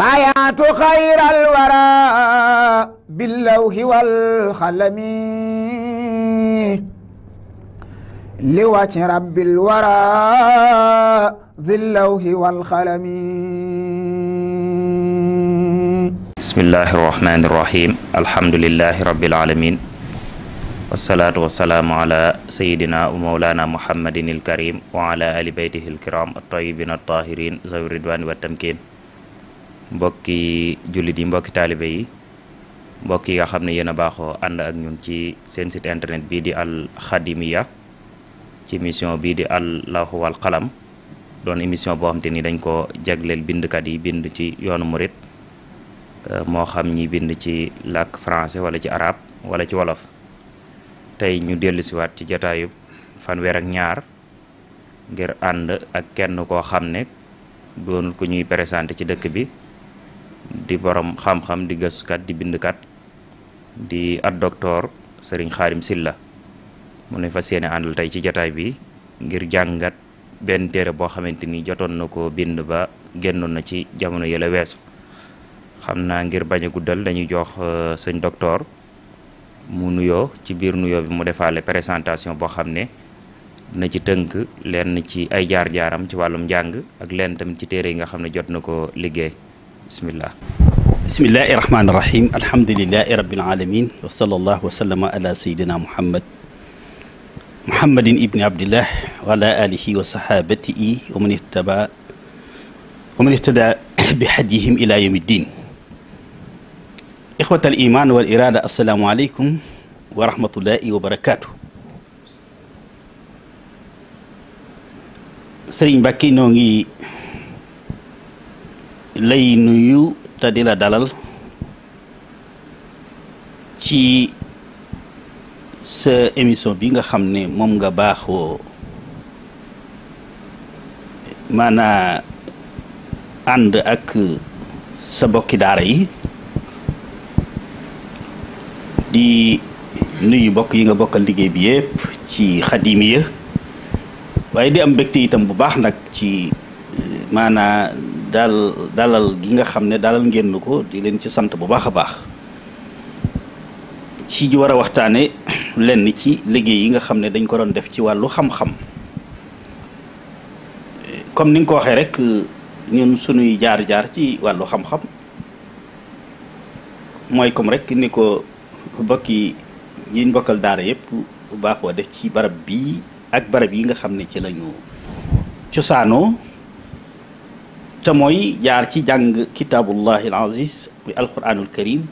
بايعت خير الورى باللوح والخلم لوجه رب الورى ذي اللوح والخلم بسم الله الرحمن الرحيم الحمد لله رب العالمين والصلاة والسلام على سيدنا ومولانا محمد الكريم وعلى آل بيته الكرام الطيبين الطاهرين ذوي الرضوان والتمكين mbokki julit yi mbokki talibé yi mbokki nga xamné yena baxo and ak ñun ci seen site internet bi di al khadimiya ci mission bi di al lahu wal qalam don émission bo xam ni dañ ko bind kat yi bind ci yoonu mourid euh, mo xam ñi bind ci lak français wala ci arab wala ci wolof tay ñu dellu wat ci fan fanweer ak ñaar ngir and ak kenn ko xam doonul ñuy présenter ci dëkk bi di borom xam-xam di gëstukat di bindkat di at docteur sëriñ xaarim silla mu ne fa yéene àndal tey ci jataay bi ngir jàngat benn téere boo xamante ni jotoon na ko bind ba génnoon na ci jamono yële weesu xam naa ngir bañ a guddal dañuy jox euh, sëñ docteur mu nuyoo ci biir nuyoo bi mu defaale présentation boo xam ne na ci tënk lenn ci ay jaar-jaaram ci wàllum njàng ak lenn tamit ci téere yi nga xam ne jot na ko liggéey بسم الله بسم الله الرحمن الرحيم الحمد لله رب العالمين وصلى الله وسلم على سيدنا محمد محمد ابن عبد الله وعلى آله وصحابته ومن اتبع ومن اهتدى بحديهم إلى يوم الدين إخوة الإيمان والإرادة السلام عليكم ورحمة الله وبركاته سرين باكي نونغي lay nuyu te di la dalal ci sa émission bi nga xam ne moom nga baaxoo maanaa ànd ak sa bokki daara yi di nuyu bokk yi nga bokkal liggéey bi yépp ci xadimiya waaye di am mbégte itam bu baax nag ci eh, maanaa daal dalal gi nga xam ne daalal ngeen ko di leen ci sant bu baax a baax ci ji war a waxtaane lenn ci liggéey yi nga xam ne dañ ko doon def ci wàllu xam-xam comme ni nga ko waxee rek ñun sunuy jaar-jaar ci wàllu xam-xam mooy comme rek ni ko bokki yiñ mbokkal daara yëpp bu baaxoo def ci barab bi ak barab yi nga xam ne ci lañu cosaanoo te mooy jaar ci jàng kitaabullahi al aziz muy alquranul karim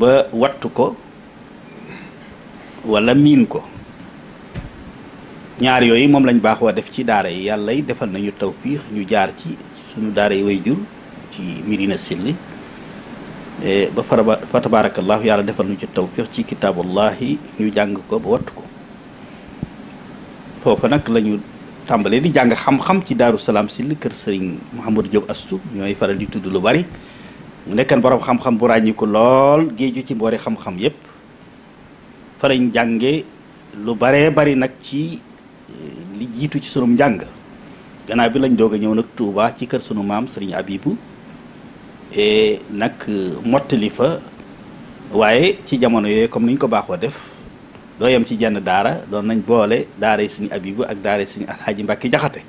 ba wattu ko wala miin ko ñaar yooyu moom lañ baaxoo def ci daara yi yàllay defal nañu tawfiix ñu jaar ci suñu daara yi way jur ci Mirina Silli e, ba faraba fa tabarakallahu yàlla defal ñu ci tawfiix ci kitaabullahi ñu jàng ko ba wattu ko foofa nag lañu tàmbalee di jàng xam-xam ci Daaru Salaam si li kër Serigne Mouhamadou Diop Astou ñooy faral di tudd lu bari mu nekkan borom xam-xam bu ràññiku lool géeju ci mboori xam-xam yépp fa jànge lu baree bari nag ci eh, li jiitu ci sunum njàng gannaaw bi lañ doog a ñëw nag tuubaa ci kër sunu maam Serigne Abibu e, nag mottali fa waaye ci jamono yooyu comme niñ ko baaxoo def doo yem ci jenn daara doon nañ boole daara yi suñu abibu ak daara yi suñu alxaaji mbàkki jaxate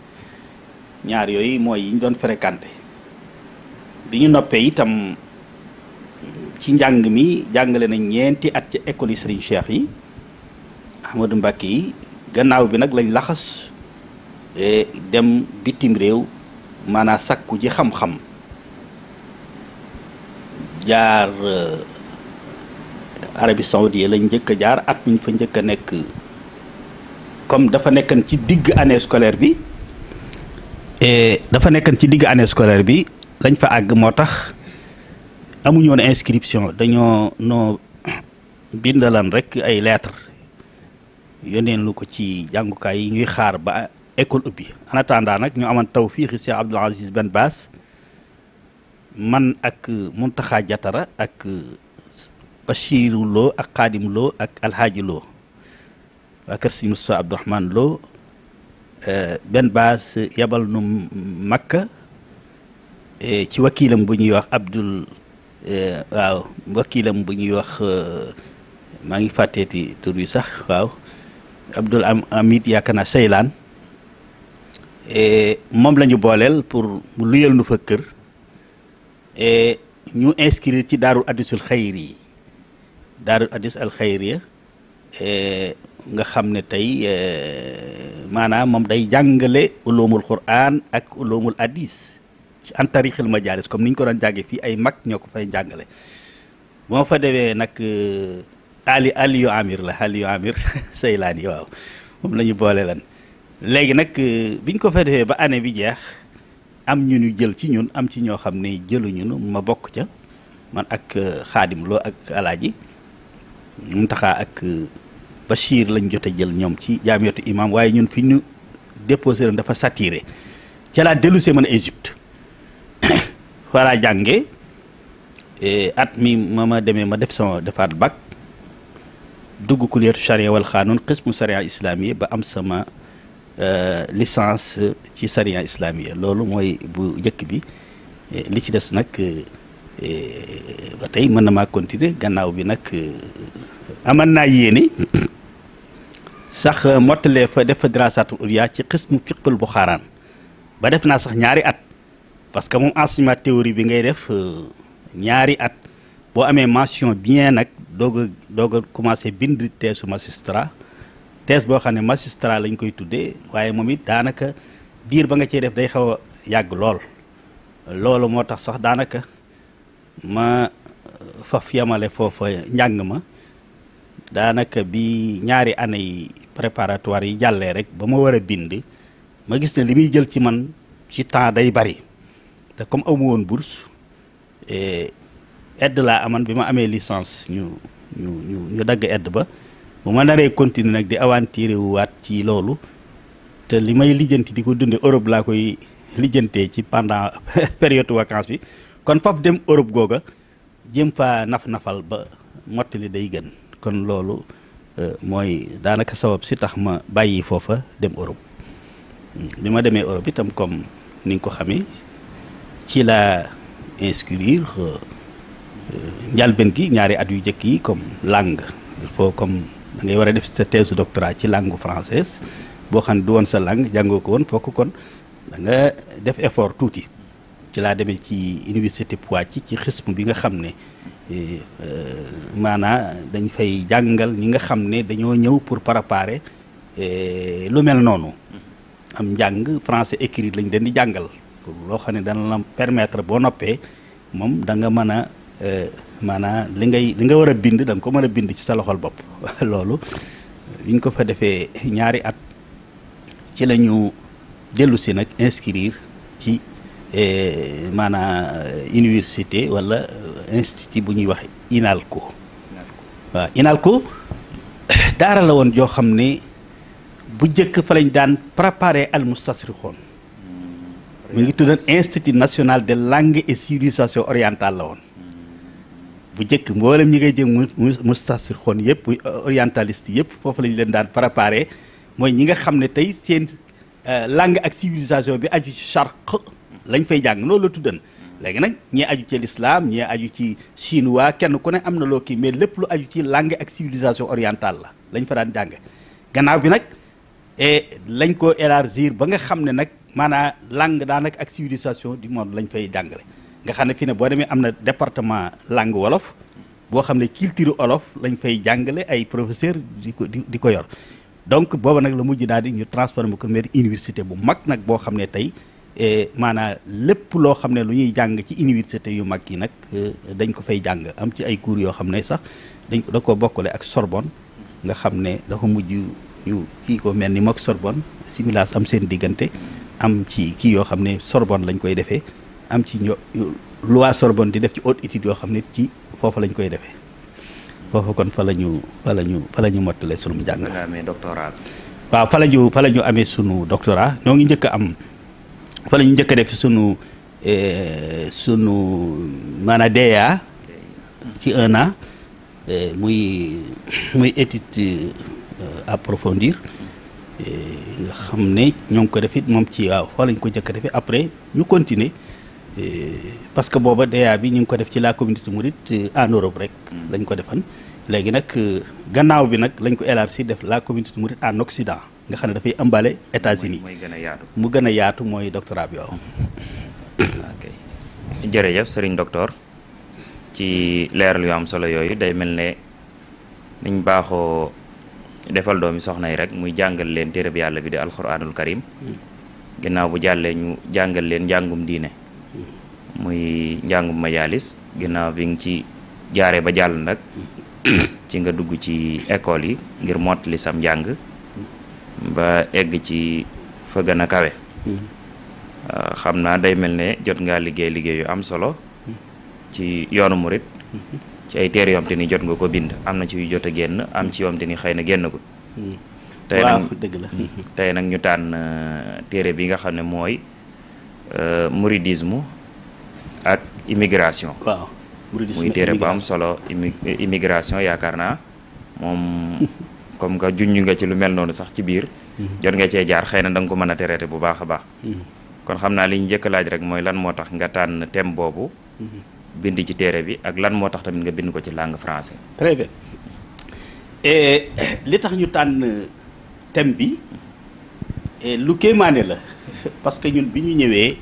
ñaar yooyu mooy yi doon fréquenté bi ñu noppee itam ci njàng mi jàngale nañ ñeenti at ci école yi sëriñ cheikh yi ahmadou mbàkki yi gannaaw bi nag lañ laxas e dem bitim réew maanaa sakku ji xam-xam jaar arabie saoudi lañ jëk jaar at miñ eh, fa jëk nek comme dafa nekkan ci digg année scolaire bi et dafa nekkan ci digg année scolaire bi lañ fa ag motax amu ñu inscription dañoo no bindalan rek ay lettre yoneen lu ko ci jangukaay yi ñuy xaar ba école ubbi en attendant nak ñu amoon tawfiq cheikh aziz ben bass man ak muntaxa jatara ak Bachiru Lo ak Xaadim Lo ak Alxaaji Lo waa kër si Moussa Abdourahman Lo eh, benn baas yabal nu Makka eh, ci wakiilam bu ñuy wax Abdul eh, waaw wakiilam bu ñuy wax maa ngi fàtteeti tur bi sax waaw Abdul am Amit yaakaar naa Seylaan moom lañu booleel pour mu luyal nu fa ñu inscrire ci daarul addisul xayri daarul hadis al xayriya eh, nga xam ne tey eh, maanaam moom day jàngale ulumul quran ak ulumul addis ci an tarixil majalis comme ni ñu ko doon jànge fii ay mag ñoo ko fay jàngale boo fa demee nag eh, ali aliyu amir la aliyu amir saylaani waaw moom la ñu boole lan léegi nag biñ ko fa defee ba année bi jeex am ñu ñu jël ci ñun am ci ñoo xam ne jëluñu ma bokk ca man ak xaadim loo ak alaaji Muntaxa ak euh, Bachir lañ jot jël ñoom ci jaamiyatu imam waaye ñun fi ñu déposé woon dafa satire ca laa dellusee mën a Égypte fa laa jànge at mi ma ma demee ma def sama defaat bac dugg kuleetu charia wal xaanoon xismu charia islamiya ba am sama euh, licence ci charia islamiya loolu mooy bu njëkk bi li ci des nag euh, ba tey mën na maa continuer gannaaw bi nag euh, amal naa yéene sax mottalee fa def fa dirasatul ulya ci xismu fiqul buxaaraan ba def naa sax ñaari at parce que moom enseignement théorie bi ngay def euh, ñaari at boo amee mention bien nag doog a doog commencé bind teesu magistrat thèse boo xam ne magistrat lañ koy tuddee waaye moom it daanaka diir ba nga cee def day xaw a yàgg lool loolu moo tax sax daanaka ma faf yamale foofa njàng ma daanaka bi ñaari année yi préparatoire yi jàllee rek ba ma war a bind ma gis ne li muy jël ci man ci temps day bari te comme amu woon bourse eh, aide laa aman bi ma amee licence ñu ñu ñu dagg edd ba bu ma naree continuer nag di aventuré wuwaat ci loolu te li may lijjanti di ko dunde Europe laa koy lijjantee ci pendant période vacances bi kon foofu dem Europe goga jëm fa naf-nafal ba motali day gën kon lolu euh, moy danaka sabab si tax ma bayyi fofa dem Europe hmm. bima demé Europe itam comme ni ko xamé ci la inscrire euh, ben gi ñaari at yu njëkk yi comme langue il faut comme da ngay wara def sa thèse doctorat ci langue française bo xam du won sa langue jangoko won fokk kon da nga def effort touti ci laa demee ci université Poitiers ci xism bi nga xam ne eh, maanaa dañ fay jàngal ñi nga xam ne dañoo ñëw pour préparer eh, lu mel noonu mm-hmm. am njàng français écrit lañ leen di jàngal loo xam ne dana la permettre boo noppee moom da nga mën a eh, maanaa li ngay li nga war a bind da nga ko mën a bind ci sa loxol bopp loolu liñ ko fa defee ñaari at ci la ñu dellu si nag inscrire ci E, maanaam e, université wala institut bu ñuy wax INALCO waaw INALCO daara la woon joo xam ne bu njëkk fa lañ daan préparer almustasrixoon hmm. mu ngi tuddoon institut national de langue et civilisation orientale la woon hmm. bu njëkk mboolem ñi ngay jëm mu mustasrixoon yëpp muy euh, orientaliste yëpp foofu lañ leen daan préparer mooy ñi nga xam ne tey seen euh, langue ak civilisation bi aju ci lañ fay jàng loolu léegi nag ñee aju ci l'islam ñee aju ci chinois kenn ku ne am na loo kii mais lépp lu aju ci langue ak civilisation la lañ fa daan jàng gannaaw bi nag eh, lañ ko élargir ba nga xam ne nag maanaam langue daanaka ak civilisation lañ fay jàngale nga xam ne fii ne boo demee am na département langue wolof boo xam ne culture wolof lañ fay jàngale ay professeur di ko di ko yor donc booba nag la mujj daal di ñu transformé ko mère université bu mag nag boo xam ne tey maanaam lépp loo xam ne lu ñuy jàng ci université yu mag yi nag euh, dañ ko fay jàng am ci ay cours yoo xam ne sax dañ ko da ko bokkale ak Sorbonne nga xam ne dafa mujj yu kii ko mel ni mook Sorbonne similaas am seen diggante am ci kii yoo xam ne Sorbonne lañ koy defee am ci ño lu waa Sorbonne di def ci haute étude yoo xam ne ci foofa lañ koy defee foofa kon fa la ñu fa la ñu ñu mottale sunu jàng. waaw fa la amee sunu doctorat ñoo ngi njëkk a am. fa la ñu njëkk a def sunu eh, sunu maanaam DEA ci un an eh, muy muy étude eh, approfondir nga xam ne ñoo ngi ko def it moom ci waaw fa la ko njëkk a defee après ñu continuer parce que booba DEA bi ñu ngi ko def ci la communauté mouride en Europe rek. Mm. lañ ko defan léegi nag gannaaw bi nag lañ ko élargi def la communauté mouride en Occident. nga xam ne dafay ëmbale États-Unis mu gën a yaatu mooy doctorat bi waaw ok jërëjëf sëriñ docteur ci leeral yu am solo yooyu day mel ne niñ baaxoo defal doomi soxna yi rek muy jàngal leen téereb yàlla bi di alxuraanul karim hmm. ginnaaw bu jàllee ñu jàngal leen njàngum diine hmm. muy njàngum majalis ginnaaw bi nga ci jaaree ba jàll nag hmm. ci nga dugg ci école yi ngir mottali sam njàng ba egg ci fa gën a kawe hmm. ah, xam naa day mel ne jot ngaa liggéey liggéey yu am solo ci yoonu murit hmm. ci ay teer yomte ni jot nga ko bind am na ci yu jot a génn am ci yomte ni xëy na génn ko hmm. tey nag nag ñu tànn ah, téere bi nga xam ne mooy ah, mouridisme ak immigration waaw muy téere bu am solo immigration yaakaar naa moom comme que junj nga ci lu mel noonu sax ci biir. Mhm. jot nga cee jaar xëy na danga nga ko mën a traité bu baax a baax. Mhm. kon xam naa li ñu njëkk laaj rek mooy lan moo tax nga tànn thème boobu. Mhm. bind ci téere bi ak lan moo tax tamit nga bind ko ci langue français. li tax ñu tànn thème bi lu kéemaane la parce que ñun bi ñu ñëwee.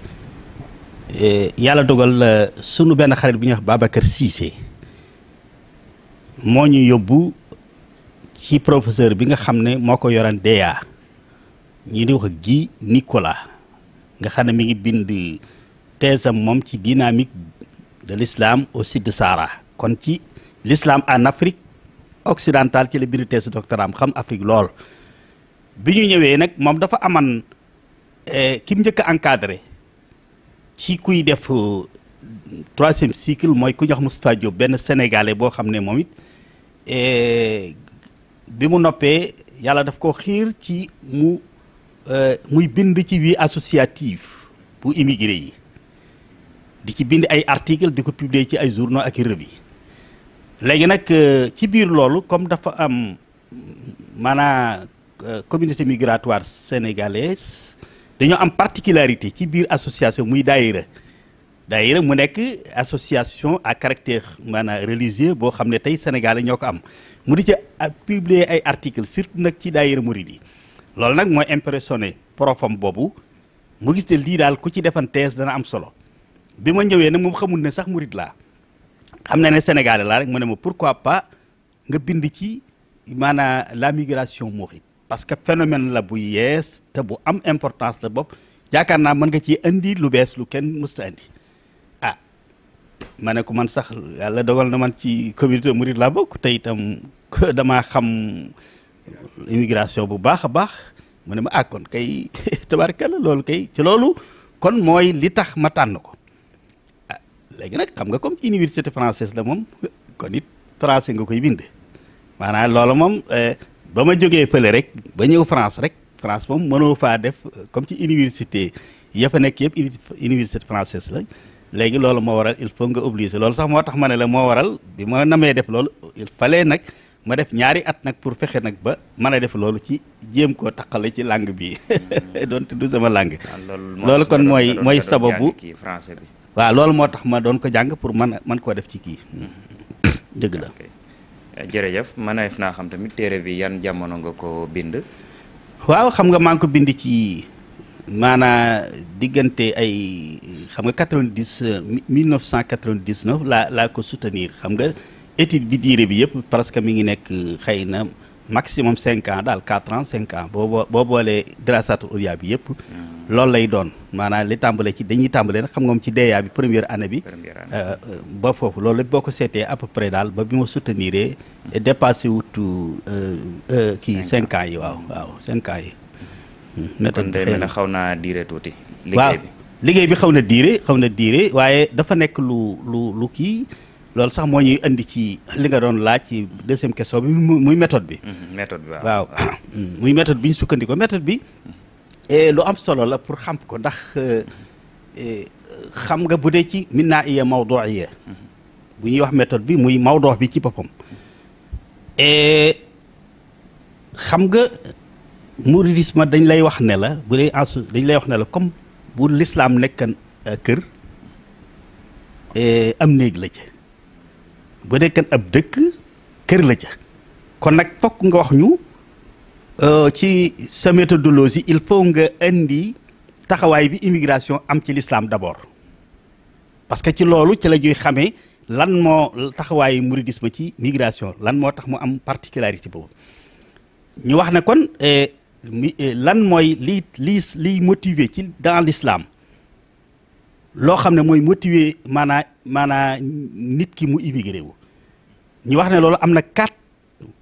yàlla dogal euh, sunu benn xarit bu ñuy wax Babacar Cissé moo ñu yóbbu. ci professeur bi nga xam ne moo ko yoran DEA ñu di wax Guy nikola nga xam ne mi ngi bind thèse am moom ci dynamique de l'islam au sud de Sahara kon ci l'islam en Afrique occidentale ci la bind thèse doctorat am xam Afrique lool bi ñu ñëwee nag moom dafa aman eh, ki njëkk a encadré ci kuy def euh, troisième cycle mooy ku ñox wax Moustapha Diop benn sénégalais boo xam ne moom it eh, bi noppé yalla daf ko xir ci mu euh, muy bind ci vie associative bu immigré yi di ci bind ay article diko ko publier ci ay journaux ak i revue léegi nag euh, ci bir lolu comme dafa am mana euh, communauté migratoire sénégalaise dañu am particularité ci bir association muy daïra daïra mu nek association à caractère mana religieux bo xamné tay sénégalais ñoko am mu di ca ah, publier ay articles surtout nag ci daayira murid yi loolu nag mooy impressionné profam boobu mu gis ne lii daal ku ci defan thèse dana am solo bi ma ñëwee nag moom xamul ne sax murid laa xam na ne Sénégalais laa rek mu ne ma pourquoi pas nga bind ci maanaa la migration mouride parce que phénomène la bu yees te bu am importance la bopp yaakaar naa mën nga ci indi lu bees lu kenn mës ta indi ah ma ne ko man sax yàlla dogal na man ci commun murid laa bokk te itam damaa xam immigration bu baax a baax mu ne ma ah, kon kay tabarkalla loolu kay ci loolu kon mooy li tax ma tànn ko ah léegi nag xam nga comme ci université française la moom kon it français nga koy bind maanaa loolu moom eh, ba ma jógee fële rek ba ñëw France rek France moom mënoo faa def comme ci université ya nekk yëpp université française la léegi loolu moo waral il faut nga obligé loolu sax moo tax ma ne la moo waral bi ma namee def loolu il fallait nag ma def ñaari at nag pour fexe nag ba mën a def loolu ci jéem koo taqale ci langue bi mm-hmm. doonte du sama langue ah, loolu kon mooy mooy sababu français bi waaw loolu moo tax ma doon ko jàng pour mën a mën koo def ci kii mm-hmm. dëgg la jërëjëf def naa xam tamit téere bi yan jamono nga ko bind waaw xam nga maa ngi ko bind ci maanaa diggante ay xam nga 90 1999 laa laa ko soutenir xam nga étude bi diire bi yëpp parce que mu ngi nekk xëy na maximum cinq ans daal quatre ans cinq ans boo boo boo boolee dirasatul ulya bi yëpp. loolu lay doon maanaam li tàmbale ci dañuy tàmbale na xam nga moom ci DEA bi première année bi. Euh, euh, ba foofu lool lépp boo ko seetee à peu daal ba bi ma soutenir dépassé wut euh, kii cinq ans yi waaw waaw cinq ans yi. Hmm, méthode bi kon xaw naa diire tuuti. liggéey bi xaw na diire xaw na diire waaye dafa nekk lu lu lu kii. loolu sax moo ñuy indi ci li nga doon laaj ci deuxième question bi muy méthode bi. Mm-hmm, méthode bi waaw mm, muy méthode bi ñu sukkandikoo méthode bi eh, lu am solo la pour xam ko ndax eh, eh, xam nga bu dee ci min naa iya mawduiya mm-hmm. bu ñuy wax méthode bi muy mawdoox bi ci boppam xam nga mu mouridisme dañ lay wax ne la bu dee ensu dañ lay wax ne la comme bu lislaam nekkan euh, kër am néeg la ci bu dee ab dëkk kër la ca kon nag fokk nga wax ñu euh, ci sa méthodologie il faut nga indi taxawaay bi immigration am ci l'islam d'abord parce que ci loolu ci la ñuy xamee lan moo taxawaay taxawaayu mouridisme ci migration lan moo tax mu am particularité boobu ñu wax ne kon eh, eh, lan mooy li li liy motiver ci dans lislaam loo xam ne mooy motiver maanaa maanaa nit ki mu immigré wu ñu wax ne loolu am na quatre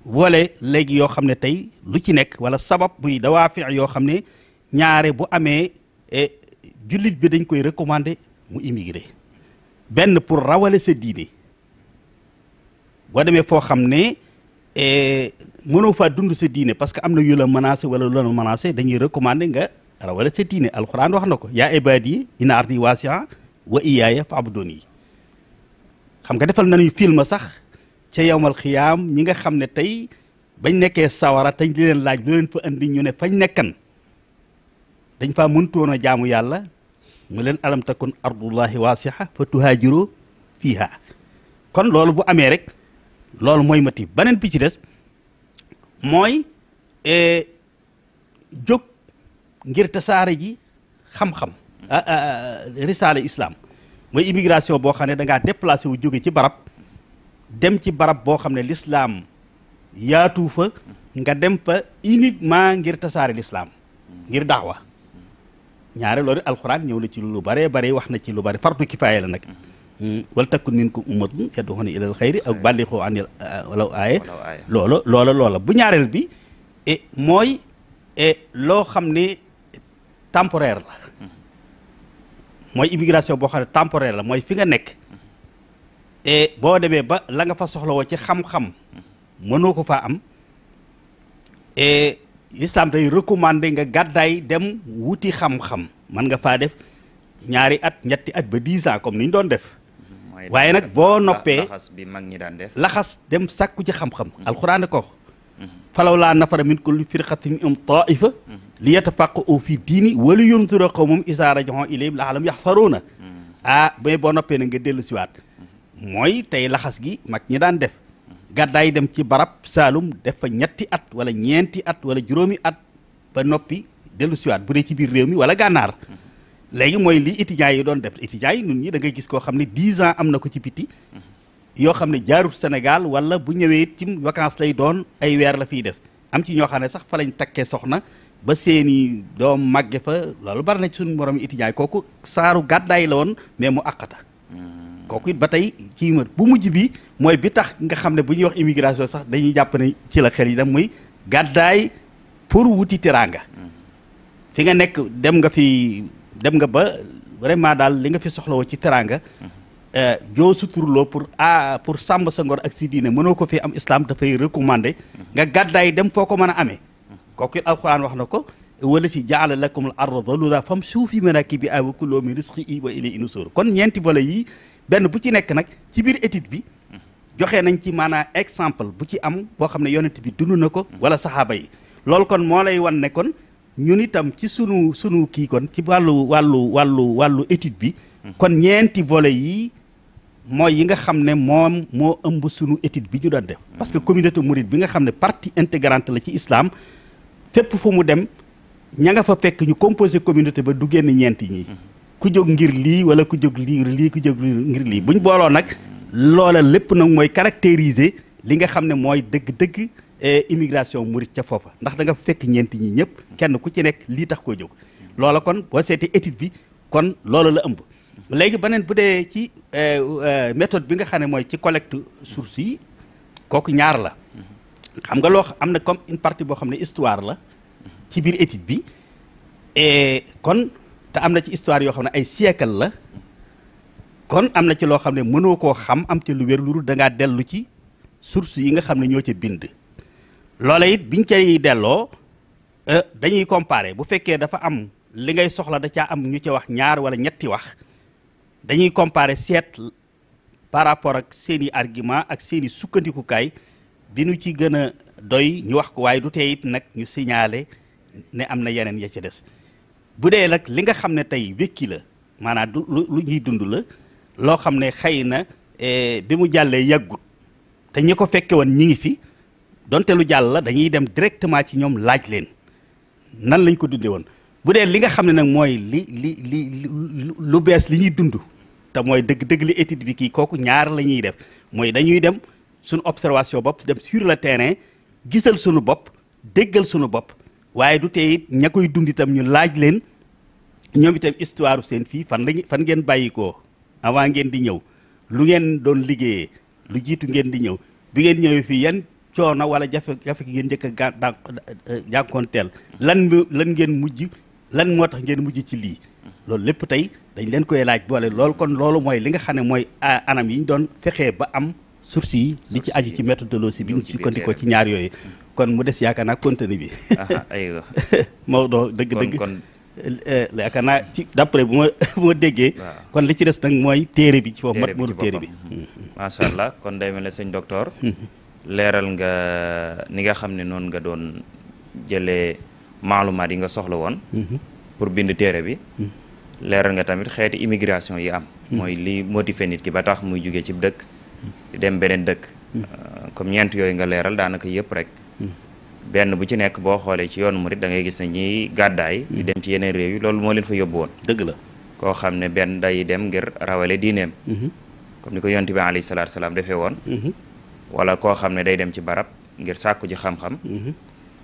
volets léegi yoo xam ne tey lu ci nekk wala sabab muy dawaafin yoo xam ne ñaare bu amee e, jullit bi dañ koy recommander mu immigré benn pour rawale sa diine boo demee foo xam ne e, mënoo faa dund sa diine parce que am na yu la menacé wala lu la dañuy recommander nga rawale sa diine alxuraan wax na ko yaa ibaadi inna ardi waasia wa iyaaya fa'buduni xam nga defal nañu film sax ca yowmal xiyaam ñi nga xam ne tey bañ nekkee sawara te di leen laaj lu leen fa andi ñu ne fañ nekkan dañ faa mëntoon a jaamu yàlla mu leen alam takun ardullahi waasiha fa tuhaajiru fiiha kon loolu bu amee rek loolu mooy mati beneen bi ci des mooy jóg ngir tasaare ji xam-xam ah, ah, ah, risaale islam mooy immigration boo xam ne da ngaa déplacé wu jóge ci barab dem ci barab boo xam ne l'islam yaatu fa nga dem fa uniquement ngir tasaare l'islam ngir wax ñaare loolu alxuraan ñëw la ci lu bare bare wax na ci lu bare fardu kifaaya la nag hmm, wal takkun minkum ummatun yad'una ilal xayri ak ballixu an walaw aaye loola loola loola bu ñaareel bi e, mooy e, loo xam ne temporaire la mooy immigration boo xam ne temporaire la mooy fi nga nekk boo demee ba la nga fa soxlawoo ci xam-xam mënoo ko faa am et l'islam day recommandé nga gàddaay dem wuti xam-xam mën nga faa def ñaari at ñetti at ba dix ans comme ni ñu doon def waaye nag boo noppee laxas bi mag ñi daan def laxas dem sàkku ci xam-xam mm-hmm. alxuraan ko falaw laa nafara min kulli firqatin um taifa li yatafaqahu fi diini wala yunzira qawmam isaa rajaxoo ilayhim la'allahum na hmm. ah mais boo noppee na nga dellu siwaat hmm. mooy tey laxas gi mag ñi daan def hmm. gàddaay dem ci barab saalum def fa ñetti at wala ñeenti at wala juróomi at ba noppi dellu siwaat bu ci biir réew mi wala gànnaar léegi mooy lii étudiants yi doon def étudiants yi nun ñi da ngay gis koo xam ne dix ans am na ko ci biti yoo xam ne jaarut Sénégal wala bu ñëwee it ci vacances lay doon ay weer la fiy des am ci ñoo xam ne sax fa lañ takkee soxna ba seeni doom màgge fa loolu bari na ci suñu morom étudiants yi kooku saaru gàddaay la woon mais mu àqata hmm. kooku it ba tey ci mën bu mujj bi mooy bi tax nga xam ne bu ñuy wax immigration sax dañuy jàpp ne ci la xel yi dam muy gàddaay pour wuti teraanga hmm. fi nga nekk dem nga fi dem nga ba vraiment daal li nga fi soxlawoo ci teraanga hmm. Euh, joo suturloo pour a ah, pour sàmm sa ngor ak si diine mënoo ko fi am islam dafay recommandé nga gàddaay dem foo ko mën a amee kooku wax na ko wala si jaala lakum al arda dalula fam suufi manakibi a wa kuloo min risqi i wa ilayhi nusur kon ñeenti bala yii benn bu ci nekk nag ci biir étude bi joxe nañ ci maanaam exemple bu ci am boo xam ne yonent bi dund na ko wala saxaaba yi lool kon moo lay wan kon ñun itam ci sunu sunu kii kon ci wàllu wàllu wàllu wàllu étude bi kon ñeenti volet yii mooy yi nga xam ne moom moo ëmb sunu étude bi ñu doon def. parce que communauté mouride bi nga xam ne partie intégrante la ci islam fépp fu mu dem ña nga fa fekk ñu composé communauté ba du génn ñeenti ñii. ku jóg ngir lii wala ku jóg lii lii ku jóg ngir lii buñ booloo nag loola lépp nag mooy caractériser li nga xam ne mooy dëgg-dëgg. Eh, immigration murit ca foofa ndax da nga fekk ñeenti ñi ñëpp kenn ku ci nekk lii tax koo jóg loola kon boo seetee étude bi kon loola la ëmb léegi beneen bu dee ci euh, euh, méthode bi nga xam ne mooy ci collect source yi kooku ñaar la xam nga loo am na comme une partie boo xam ne histoire la ci biir étude bi et kon te am na ci histoire yoo xam ne ay siècle la kon am na ci loo xam ne mënoo koo xam am ci lu wér lu dul da ngaa dellu ci source yi nga xam ne ñoo ca bind loola it biñ cay delloo euh, dañuy comparer bu fekkee dafa am li ngay soxla da caa am ñu ci wax ñaar wala ñetti wax dañuy compare seet par rapport ak seeni argument ak seeni sukkandikukaay bi nu ci gën a doy ñu wax ko waaye du tey nag ñu signaler ne am na yeneen ya ca des bu dee nag li nga xam ne tey wékki la maanaa du lu ñuy dund la loo xam ne xëy na eh, bi mu jàllee yàggut te ko fekke woon ñi ngi fi donte lu jàll la dañuy dem directement ci ñoom laaj leen nan lañ ko dundee woon bu dee li nga xam ne nag mooy li li li lu bees li ñuy dund te mooy dëgg-dëgg li étude bi kii kooku ñaar la ñuy def mooy dañuy dem suñu observation bopp dem sur le terrain gisal sunu bopp déggal sunu bopp waaye du tey it ña koy dund itam ñu laaj leen ñoom itam histoire seen fii fan lañu fan ngeen bàyyikoo avant ngeen di ñëw lu ngeen doon liggéeyee lu jiitu ngeen di ñëw bu ngeen ñëwee fii yan coono wala jafe-jafe ngeen njëkk a gaa jànkoonteel lan lan ngeen mujj lan moo tax ngeen mujj ci lii loolu lépp tey dañ leen koy laaj boole loolu kon loolu mooy li nga xam ne mooy anam yi ñu doon fexee ba am source yi li ci aju ci méthodologie bi ñu sukkandikoo ci ñaar yooyu mm. kon mu des yaakaar naa contenu bi Maodo dëgg dëgg yaakaar naa ci d'après bu ma bu ma déggee kon li ci des nag mooy téere bi ci foofu mat maru téere bi macha mm-hmm. allah kon day mel ne sëñ docteur mm-hmm. leeral nga ni nga xam ne noonu nga doon jëlee maalumaat yi nga soxla woon mm-hmm. pour bind téere bi leeral nga tamit xeeti immigration yi am. Hmm. mooy li motivé nit ki ba tax muy jóge ci dëkk. dem beneen dëkk. Hmm. Euh, comme ñeent yooyu nga leeral daanaka yëpp rek. Hmm. benn bu ci nekk boo xoolee ci yoon murit da ngay gis ne ñiy gàddaay. di dem ci yeneen réew yi loolu moo leen fa yóbbu woon. dëgg la koo xam ne benn day dem ngir rawale diineem. comme ni ko yonent bi alayhi salaatu salaam defee woon. wala koo xam ne day dem ci barab ngir sàkku ji xam-xam.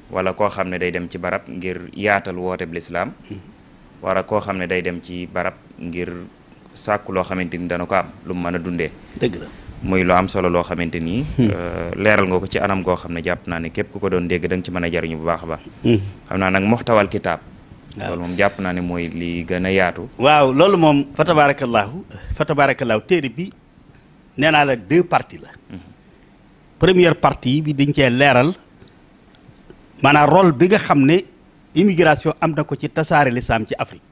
wala koo xam ne day dem ci barab ngir yaatal woote bi lislaam wara koo xam ne day dem ci barab ngir sàkku loo xamante ni dana ko am lu mu mën a dundee. dëgg la muy lu am solo loo xamante ni. Hmm. Euh, leeral nga ko ci anam goo xam ne jàpp naa ne képp ku ko doon dégg danga ci mën a jariñu bu baax a baax. Hmm. xam naa nag moxtawal kitaab. waaw loolu moom jàpp naa ne mooy lii gën a yaatu. waaw loolu moom fa tabaarakallaahu fa tabaarakallaahu téere bi nee naa la deux parties la. Hmm. première partie bi dañ cee leeral maanaam rôle bi nga xam ne. immigration am na ko ci tasaare lislaam ci Afrique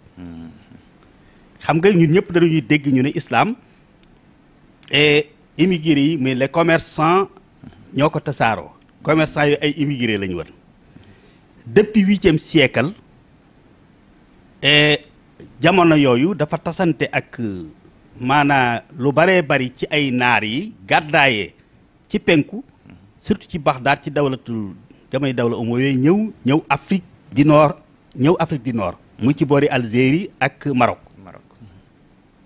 xam nga ñun ñëpp dañuy dégg ñu ne islaam et immigré yi mais les commerçants ñoo ko tasaaroo commerçants yu ay immigré lañu woon depuis huitième siècle et jamono yooyu dafa tasante ak maanaa lu baree bari ci ay naar yi gàddaayee ci penku surtout ci Bagdad ci dawlatul jamay dawla umo yooyu ñëw ñëw Afrique du nord ñëw Afrique di nord muy ci boori Algérie ak Maroc. Maroc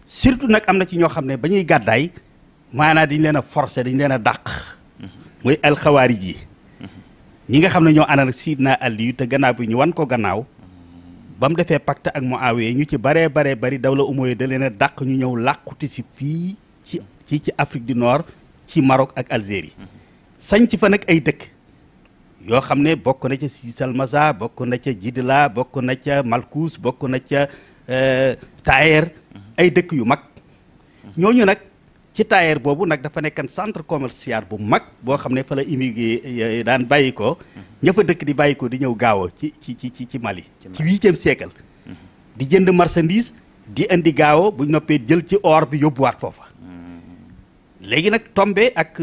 surtout nag am na ci ñoo xam ne ba ñuy gàddaay maanaam dañ leen a forcer dañ leen a dàq. Mhm. muy alxawaarij yi mhm. ñi nga xam ne ñoo ànd ak Sidna Ali te gannaaw bi ñu wan ko gannaaw. Mhm. ba mu defee pacte ak mu Muawiya ñu ci baree baree bari daw dawla Umayya da leen a dàq ñu ñëw làquti si fii ci ci ci Afrique di nord ci Maroc ak Algérie. sañ ci fa nag ay dëkk. yoo xam ne bokk na ca Sisalmasa bokk na ca Jidila bokk na ca Malkuus bokk na ca euh, Taïr ay dëkk yu mag ñooñu nag ci Taïr boobu nag dafa nekkan centre commercial bu mag boo xam ne fa la immigré euh, daan bàyyi ko ña dëkk di bàyyi ko di ñëw gaawo ci ci ci ci Mali ci huitième siècle di jënd marchandise di indi gaawo bu noppee jël ci or bi yóbbuwaat foofa hmm. léegi nag tombe ak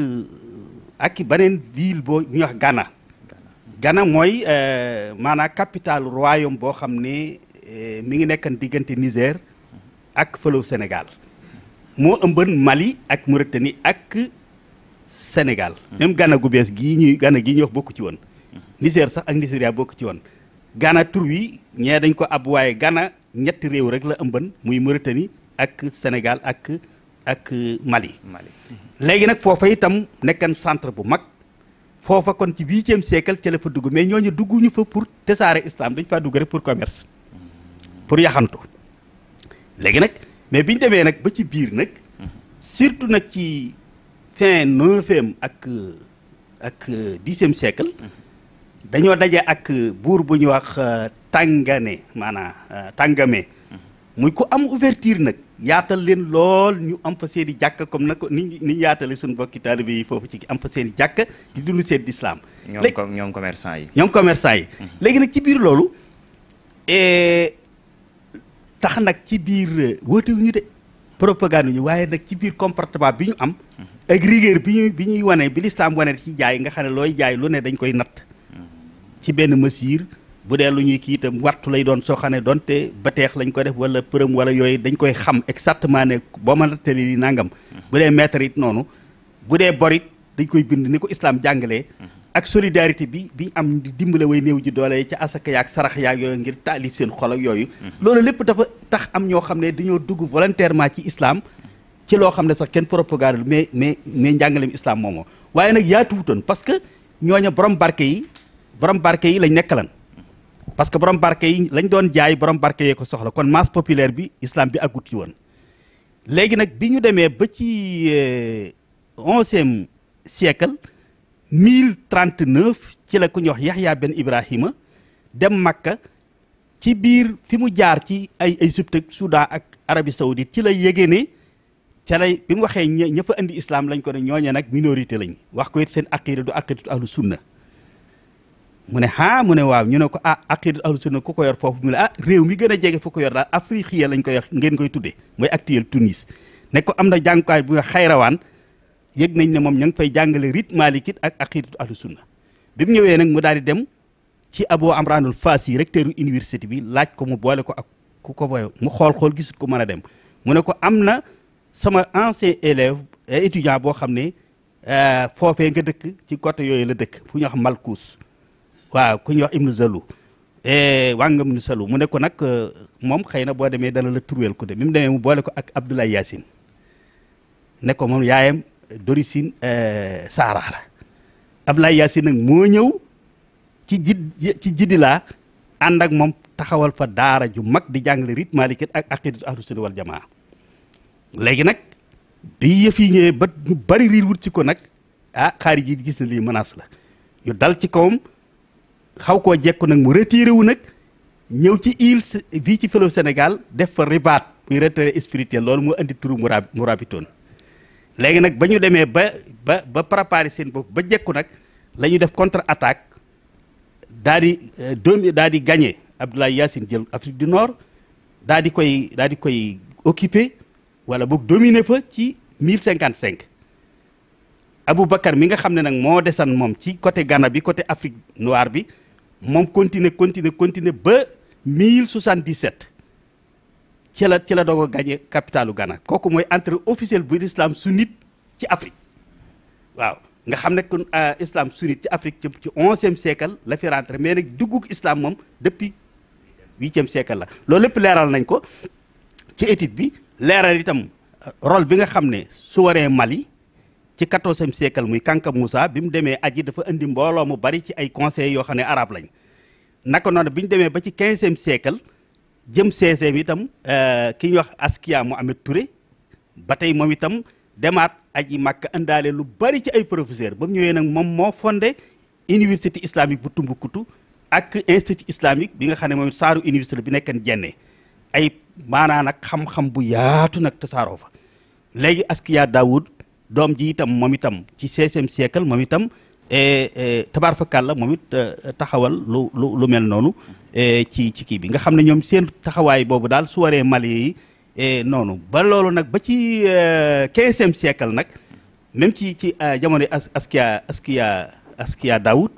ak beneen ville boo ñuy wax Ghana Ghana mooy euh, maanaam capital royaume boo xam ne euh, mi ngi nekkan diggante Niger ak fëlew Sénégal moo ëmban Mali ak Mauritanie ak Sénégal même gana gu bees gii ñuy Ghana gi ñuy wax bokku ci woon Niger sax ak Nigeria bokku ci woon Ghana tur wi ñee dañ ko ab waaye gana ñetti réew rek la ëmban muy mëratëni ak Sénégal ak ak Mali léegi nag foofa itam nekkan centre bu mag foofa kon ci huitième siècle ca la fa dugg mais ñooñu dugguñu fa pour tasaare islam dañ faa dugg rek pour commerce pour yaxantu léegi nag mais biñ demee nag ba ci biir nag surtout nag ci fin neuvième ak ak dixième siècle dañoo daje ak buur bu ñu wax euh, tàngane maanaam euh, tàngame muy ku am ouverture nag yaatal leen lool ñu am fa seen jàkk comme na ko ni ñu yaatale suñu bokki taalibe yi foofu ci am fa seen jàkk di dund seen lislaam ñoom ñoom commerçant yi. ñoom commerçant yi. Mhm. léegi nag ci biir loolu e, tax nag ci biir e, woote wu ñu de propagande ñu waaye nag ci biir comportement bi ñu am. Mhm. ak rigueur bi ñuy bi ñuy wane bi lislaam wane ci jaay nga xam ne looy jaay lu ne dañ koy nat mhm. ci benn masir bu dee lu ñuy kii itam wattu lay doon soo xam donte bateex lañ ko def wala përëm wala yooyu dañ koy xam exactement ne boo ma nattali li nangam. bu dee mètre it noonu bu dee bor dañ koy bind ni ko islam jàngalee. ak solidarité bi bi am di dimbale way néew ji doole ca asaka ak sarax yaak yooyu ngir taalif seen xol ak yooyu. Mhm. loolu lépp dafa tax am ñoo xam ne dañoo dugg volontairement ci islaam ci loo xam ne sax kenn propagande mais mais mais njàngale islam moomoo waaye nag yaatuwutoon parce que ñooña borom barke yi borom barke yi lañ nekkalan parce que borom barke yi lañ doon jaay borom barke yee ko soxla kon masse populaire bi islam bi àggut ci woon léegi nag bi ñu demee ba ci euh, onzième siècle mille trente neuf ci la ku ñuy wax Yaxya ben Ibrahima dem Makka ci biir fi mu jaar ci ay Égypte ak ak arabi Saoudite ci la yëgee ne ca lay bi mu waxee ña fa indi islaam lañ ko ne ñooñe nag minorité lañ wax ko it seen aqida du aqidatu ahlu sunna mu ne ah mu ne waaw ñu ne ko ah aqiida ahlu sunna ku ko yor foofu mu ne ah réew mi gën a jege fu ko yor daal afriqiya lañ koy wax ngeen koy tuddee mooy actuel Tunis ne ko am na jàngukaay bu nga xayrawaan yëg nañ ne moom ña ngi fay jàngale rit malikit ak aqiidatu ahlu sunna bi mu ñëwee nag mu daal di dem ci am Amranul Fasi recteuru université bi laaj ko mu boole ko ak ku ko boole mu xool xool gisut ko mën a dem mu ne ko am na sama ancien élève euh, étudiant boo xam ne euh, foofee nga dëkk ci côté yooyu la dëkk fu ñuy wax Malkuus waaw ku ñuy wax ibnu zalu eh, wàngam nu salu mu ne ko nag euh, moom xëy na boo demee dana la turweel ko de bi mu demee mu boole ko ak Abdoulaye Yacine ne ko moom yaayam Doricine euh, Saara la Abdoulaye Yacine nag moo ñëw ci ji ci jiddi laa ànd ak moom taxawal fa daara ju mag di jàngale rit malikat ak aqidatu ahlu sunna wal jamaa nag bi yëf yi ñëwee ba bari riir wut ci ko nag ah xaarij yi gis na lii manaas la yu dal ci kawam xaw ko jekku nag mu retiré wu nag ñëw ci île bii ci filo Sénégal def fa ribaat muy retraite spirituelle loolu moo indi turu mu mu rabitoon léegi nag ba ñu demee ba ba ba préparé seen bopp ba jekku nag la def contre attaque daal di euh, doom daal di gagné Abdoulaye Yacine jël Afrique du Nord daal di koy daal di koy occupé wala boog dominé fa ci 1055 Aboubacar mi nga xam ne nag moo desan moom ci côté ganna bi côté Afrique noire bi mom continue continuer continuer ba 1077 ci la ci la dogo gagner Ghana kooku entrée officielle bu islam sunnite ci Afrique waaw euh, islam sunnite ci Afrique ci 11e siècle la fi rentré mais nak islam depuis e siècle la lolou lepp ko ci bi itam euh, rôle bi nga souverain Mali ci quatorzième siècle muy Kanka Moussa bi mu demee aji dafa indi mbooloo mu bari ci ay conseils yoo xam ne arab lañ naka noonu bi ñu demee ba ci quinzième siècle jëm seizième itam euh, ki ñuy wax Askia Mohamed Touré ba tey moom itam demaat aji Makka indaale lu bari ci ay professeur ba mu ñëwee nag moom moo fonde université islamique bu Tumbuktu ak institut islamique bi nga xam ne moom saaru université bi nekkan jenne ay maanaa nag xam-xam bu yaatu nag tasaaroo fa léegi doom ji itam moom itam ci seizième siècle moom itam e, e, tabaar la moom it e, taxawal lu lu mel noonu ci ci kii bi nga xam ne ñoom seen taxawaay boobu daal su waree Mali yi noonu ba loolu nag ba ci quinzième siècle nag même ci ci jamono as askia askia askia Daoud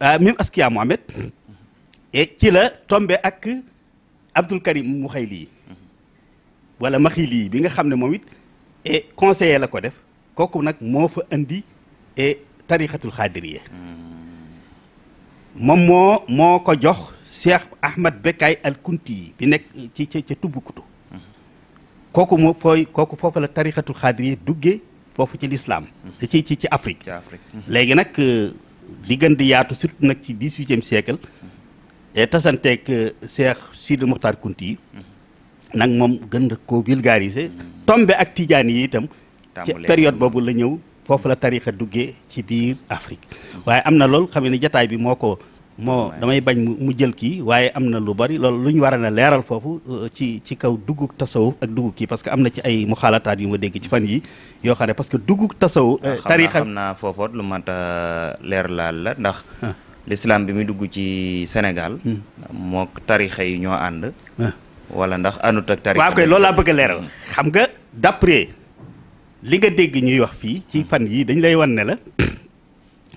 ah même askia Mohamed ci la tombé ak Abdul Karim Muxayli wala Maxili bi nga xam ne moom it. et la ko def kooku nag moo fa indi et tarixatul xaadiriya moom moo moo ko jox Cheikh Ahmad Bekkaay al Kunti yi bi nekk ci ca ca Tumbuktu kooku kooku foofu la tarixatul xaadiriya duggee foofu ci lislaam ci ci ci Afrique léegi nag euh, di gën yaatu surtout nag ci dix-huitième siècle et tasanteeg euh, Cheikh Sidi Mokhtar Kunti yi nag moom gën koo vulgariser tombe ak tiijaan yi itam ci période boobu la ñëw foofu la tarixa duggee ci biir Afrique waaye am na loolu xam ne jataay bi moo ko moo damay bañ mu jël kii waaye am na lu bari lool lu ñu waral a leeral foofu euh, ci ci kaw duggug tasawuf ak duggug ki parce que am na ci ay muxaalataat yu ma dégg ci fan yi yoo xam ne parce que duggug tasawuf tarixa euh, xam naa foofoot lu a leer la ndax ah. bi muy dugg ci Sénégal hmm. mook yi ñoo ànd ah. wala ndax anut ak loolu laa bëgg a leeral xam nga d'après li nga dégg ñuy wax fii ci mm-hmm. fan yii dañ lay wan ne la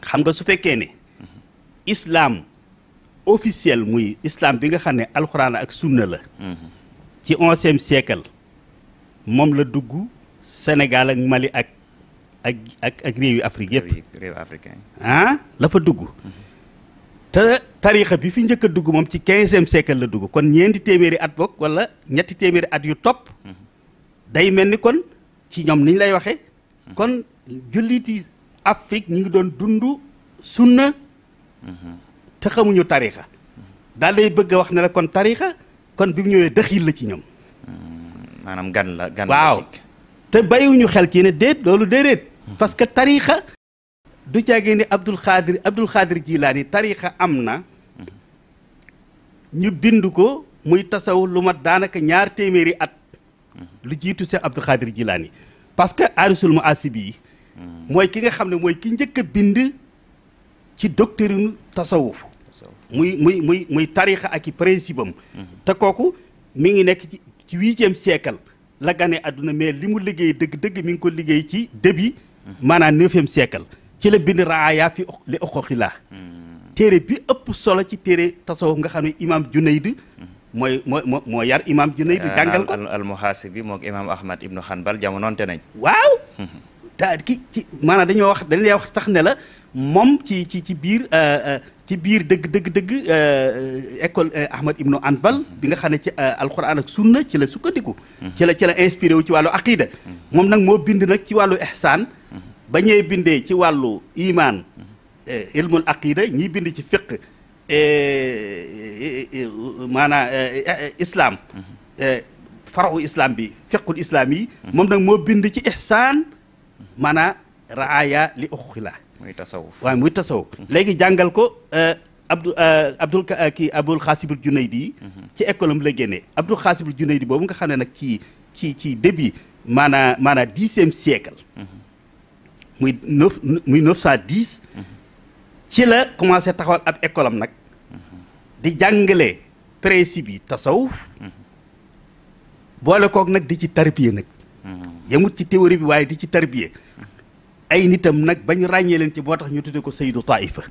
xam nga su fekkee ne mm-hmm. islam officiel muy islam bi nga xam ne alxuraan ak sunna la mm-hmm. ci onzième siècle moom la dugg Sénégal ak Mali ak ak ak ak réew yu Afrique yëpp ah la fa dugg te tariixa bi fi njëkk dugg moom ci quinzième siècle la dugg kon ñeenti téeméeri at boog walla ñetti téeméeri at yu topp day mel ni kon ci ñoom niñ lay waxe kon julliti Afrique ñu ngi doon dundu sunna te xamuñu tariixa daal lay bëgg wax na la kon tariixa kon bi mu ñëwee dëxiil la ci ñoom maanaam gan la waaw te bàyyiwuñu xel ci ne déet loolu déedéet parce tariixa du jàggee ni Abdul Xaadir Abdul Xaadir Jilaani tariixa am na mhm. ñu bind ko muy tasaw lu mat daanaka ñaar téeméeri at mhm. lu jiitu Seex Abdul Xaadir Jilaani parce que aarisul mu asib yi mhm. mooy ki nga xam ne mooy ki njëkk a bind ci doctrine tasawuf muy muy muy muy tariixa ak i principe am te kooku mu ngi nekk ci ci huitième siècle la gane àdduna mais li mu liggéey dëgg-dëgg mi ngi ko liggéey ci début maanaam neuvième siècle ci la bind raaya fi li oqoxilaa hmm. téere bi ëpp solo ci téere tasawuf nga xam ne imaam Junayd mooy moo moo moo yar imaam Junayd eh, jàngal ko al muhaasibi mook imaam Ahmad ibnu Hanbal jamonoonte nañ waaw hmm. daa ki ci dañoo wax dañ lay wax sax ne la moom ci ci ci biir euh, euh, ci biir dëgg dëgg dëgg euh, école Ahmad ibnu Hanbal hmm. bi nga xam ne ci alquran ak sunna ci la sukkandiku ci la ci la inspiré wu ci wàllu aqida moom nag moo bind nag ci wàllu ihsaan ba ñuy bindee ci wàllu imaan eh, ilmul aqida ñiy bind ci fiq eh, eh, maanaam islaam faraxu islam bi fiqul islam yi moom nag moo bind ci ihsaan maanaam raaya li uxila muy tasawuf waaw muy tasawuf léegi jàngal ko abdu abdul kii abdul xaasibul junaydi mhm. ci école am la génnee abdul xaasibul junaydi boobu nga xam ne nag ci ci ci début maanaam maanaam dixième siècle mhm. muy neuf muy neuf cent dix ci la commencé taxawal ab école am nag di jàngale principe yi tasawuf boole kook nag di ci tarbiye nag yemut ci théorie bi waaye di ci tarbiye ay nitam nag bañ ràññee leen ci boo tax ñu tuddee ko Seydou Taïfa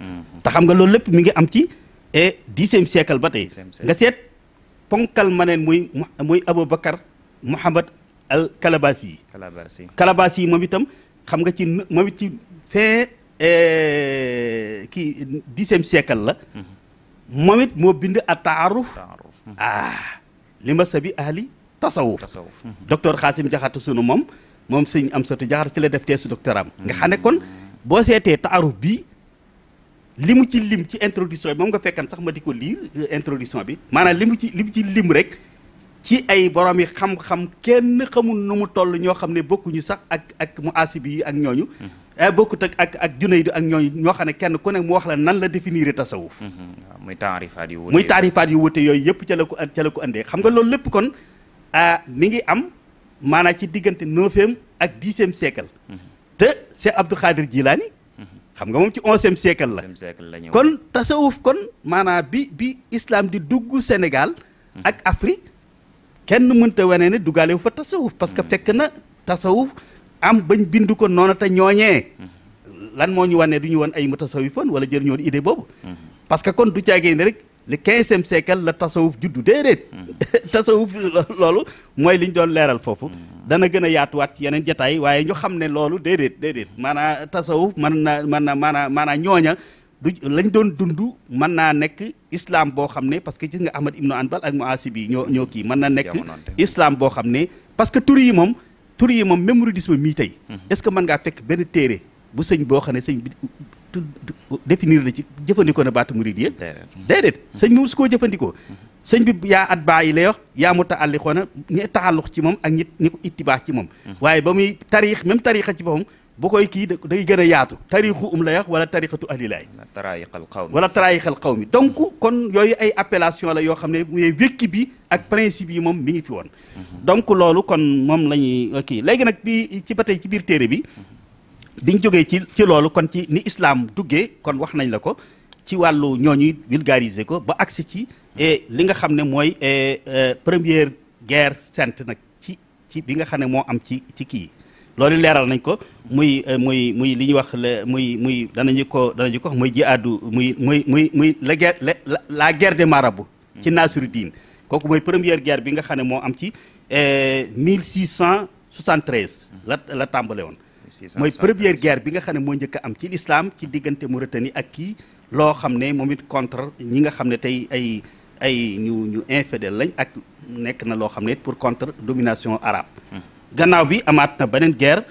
te xam nga loolu lépp mu ngi am ci et dixième ba tey nga seet ponkal ma neen muy muy Aboubacar Mouhamad al Kalabasi yi Kalabasi yi moom itam xam nga ci moom it ci fin euh, kii dixième siècle la mhm. moom it moo bind a taaruf mhm. ah li ma sabi ahli tasawuf mhm. docteur Xaasim Jaxate sunu moom moom sëñ am satu jaxat ci la def teesu doctoram nga xam ne kon boo seetee taaruf bi li mu ci lim ci introduction bi moom nga fekkan sax ma di ko lire introduction bi maanaam li mu ci li mu ci lim rek ci ay borom yi xam-xam kenn xamul nu mu toll ñoo xam ne bokkuñu sax ak ak mu asibi yi ak ñooñu mm-hmm. eh, bokkut ak ak ak junaydu ak ñooñu ñoo xam ne kenn ku nekk mu wax la nan la définir tasawuf mm-hmm. muy taarifaat yu wute muy taarifaat yu wute yooyu yëpp ca la ko ca la ko andee xam nga loolu lépp kon ah, mi ngi am maanaam ci diggante neuvième ak dixième siècle mm-hmm. te Cheikh Abdou Khadir Jilaani xam nga moom ci onzième siècle la kon tasawuf kon maanaa bi bi islaam di dugg Sénégal ak Afrique kenn mënta wane ne dugaale wu fa tasawuf parce que fekk na tasawuf am bañ bindu ko noonu te ñooñee lan moo ñu wanee du ñu wan ay mutasawifoon wala jël ñoon idée boobu parce que kon du caagee ne rek le quinzième siècle la tasawuf juddu déedéet tasawuf loolu mooy li ñu doon leeral foofu dana gën a yaatuwaat ci yeneen jataay waaye ñu xam ne loolu déedéet déedéet maanaa tasawuf mën na mën na maanaa maanaa ñooña du lañ doon dund man naa nekk islam boo xam ne parce que gis nga Ahmad Ibnu Anbal ak Muasib yi ñoo ñoo kii mën na nekk islam boo xam ne parce que tur yi moom tur yi moom même mouridisme mii tey mhm. est ce man mën ngaa fekk benn téere bu sëñ boo xam ne sëñ bi définir la ci jëfandikoo na baatu murid yi déedéet mhm. Mhm. sëñ bi su koo jëfandikoo sëñ bi yaa at baa yi lay wax yaa mu taallixoona ñi taallux ci moom ak ñi ñi ko ittibaax ci moom waaye ba muy tarix même tarixa ci boppam bu koy kii day gën a yaatu tarixu um la yax wala tarixatu ahlilaay wala taraayiqal xaw mi donc kon yooyu ay appellation la yoo xam ne muy wékki bi ak principe yi moom mi ngi fi woon mhm. donc loolu kon moom la ñuy kii léegi nag bi ci ba tey ci biir téere bi mhm. biñ jógee ci ci loolu kon ci ni islaam duggee kon wax nañ la ko ci wàllu ñoo ñooñuy vulgariser ko ba agsi ci mhm. li nga xam ne mooy euh, première guerre sainte nag ci ci bi nga xam ne moo am ci ci kii loolu leeral nañ ko muy euh, muy muy li ñuy wax la muy muy danañu ko danañu ko wax muy jihaadu muy muy muy muy la guerre la guerre des marabouts ci hmm. Nasruddin kooku mooy première guerre bi nga xam ne moo am ci 1673 euh, hmm. la la tàmbale woon mooy première guerre bi nga xam ne moo njëkk am ci l'islam ci diggante Mauritanie ak kii loo xam ne moom it contre ñi nga xam ne tey ay ay ñu ñu infidèle lañ ak nekk na loo xam ne pour contre domination arabe hmm. gannaaw bi amaat na beneen guerre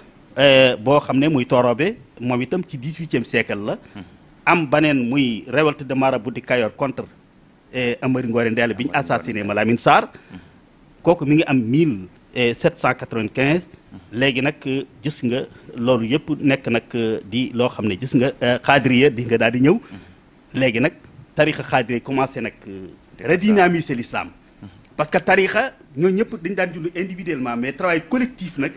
boo xam ne muy Torobe moom itam ci 18e siècle la am beneen muy révolte de mara boudi Kayor contre Amari Ngoore Ndeela bi ñu assassiné Malamine sar kooku mi ngi am 1795 sept cent quatre léegi nag gis nga loolu yépp nekk nag di loo xam ne gis nga xaadiriya di nga daal di ñëw léegi nag tarixa xaadiriya commencé nag redynamiser l'islam parce que tarixa ñooñu ñëpp dañ daan julli individuellement mais travail collectif nag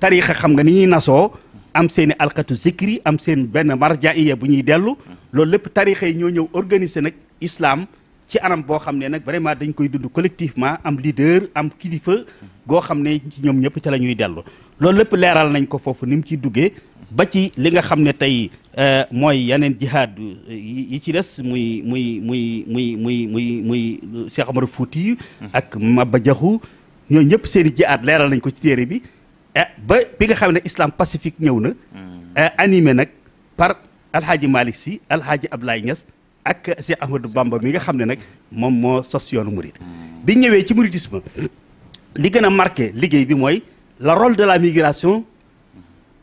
tarixa xam nga ni ñuy nasoo am seen i alkatu zikri am seen benn marjaiya bu ñuy dellu loolu lépp tarixa yi ñoo ñëw organiser nag islaam ci anam boo xam ne nag vraiment dañ koy dund collectivement am leader am kilifa goo xam ne ci ñoom ñëpp ca la ñuy dellu loolu lépp leeral nañ ko foofu ni mu ciy duggee ba ci li nga xam ne tey euh, mooy yeneen jihaad euh, yi ci des muy muy muy muy muy muy muy Cheikh Fouti mhm. ak Maba Jaxu ñoo ñëpp seen i jihaad leeral nañ ko ci téere bi eh, ba bi nga xam ne islam pacifique ñëw na hmm. eh, animé nag par alhaaji Malick Sy alhaaji Ablaye Niass ak Cheikh Ahmadou Bamba mi nga xam ne nag moom moo sos yoonu murid hmm. bi ñëwee ci mouridisme li gën a marqué liggéey bi mooy le rôle de la migration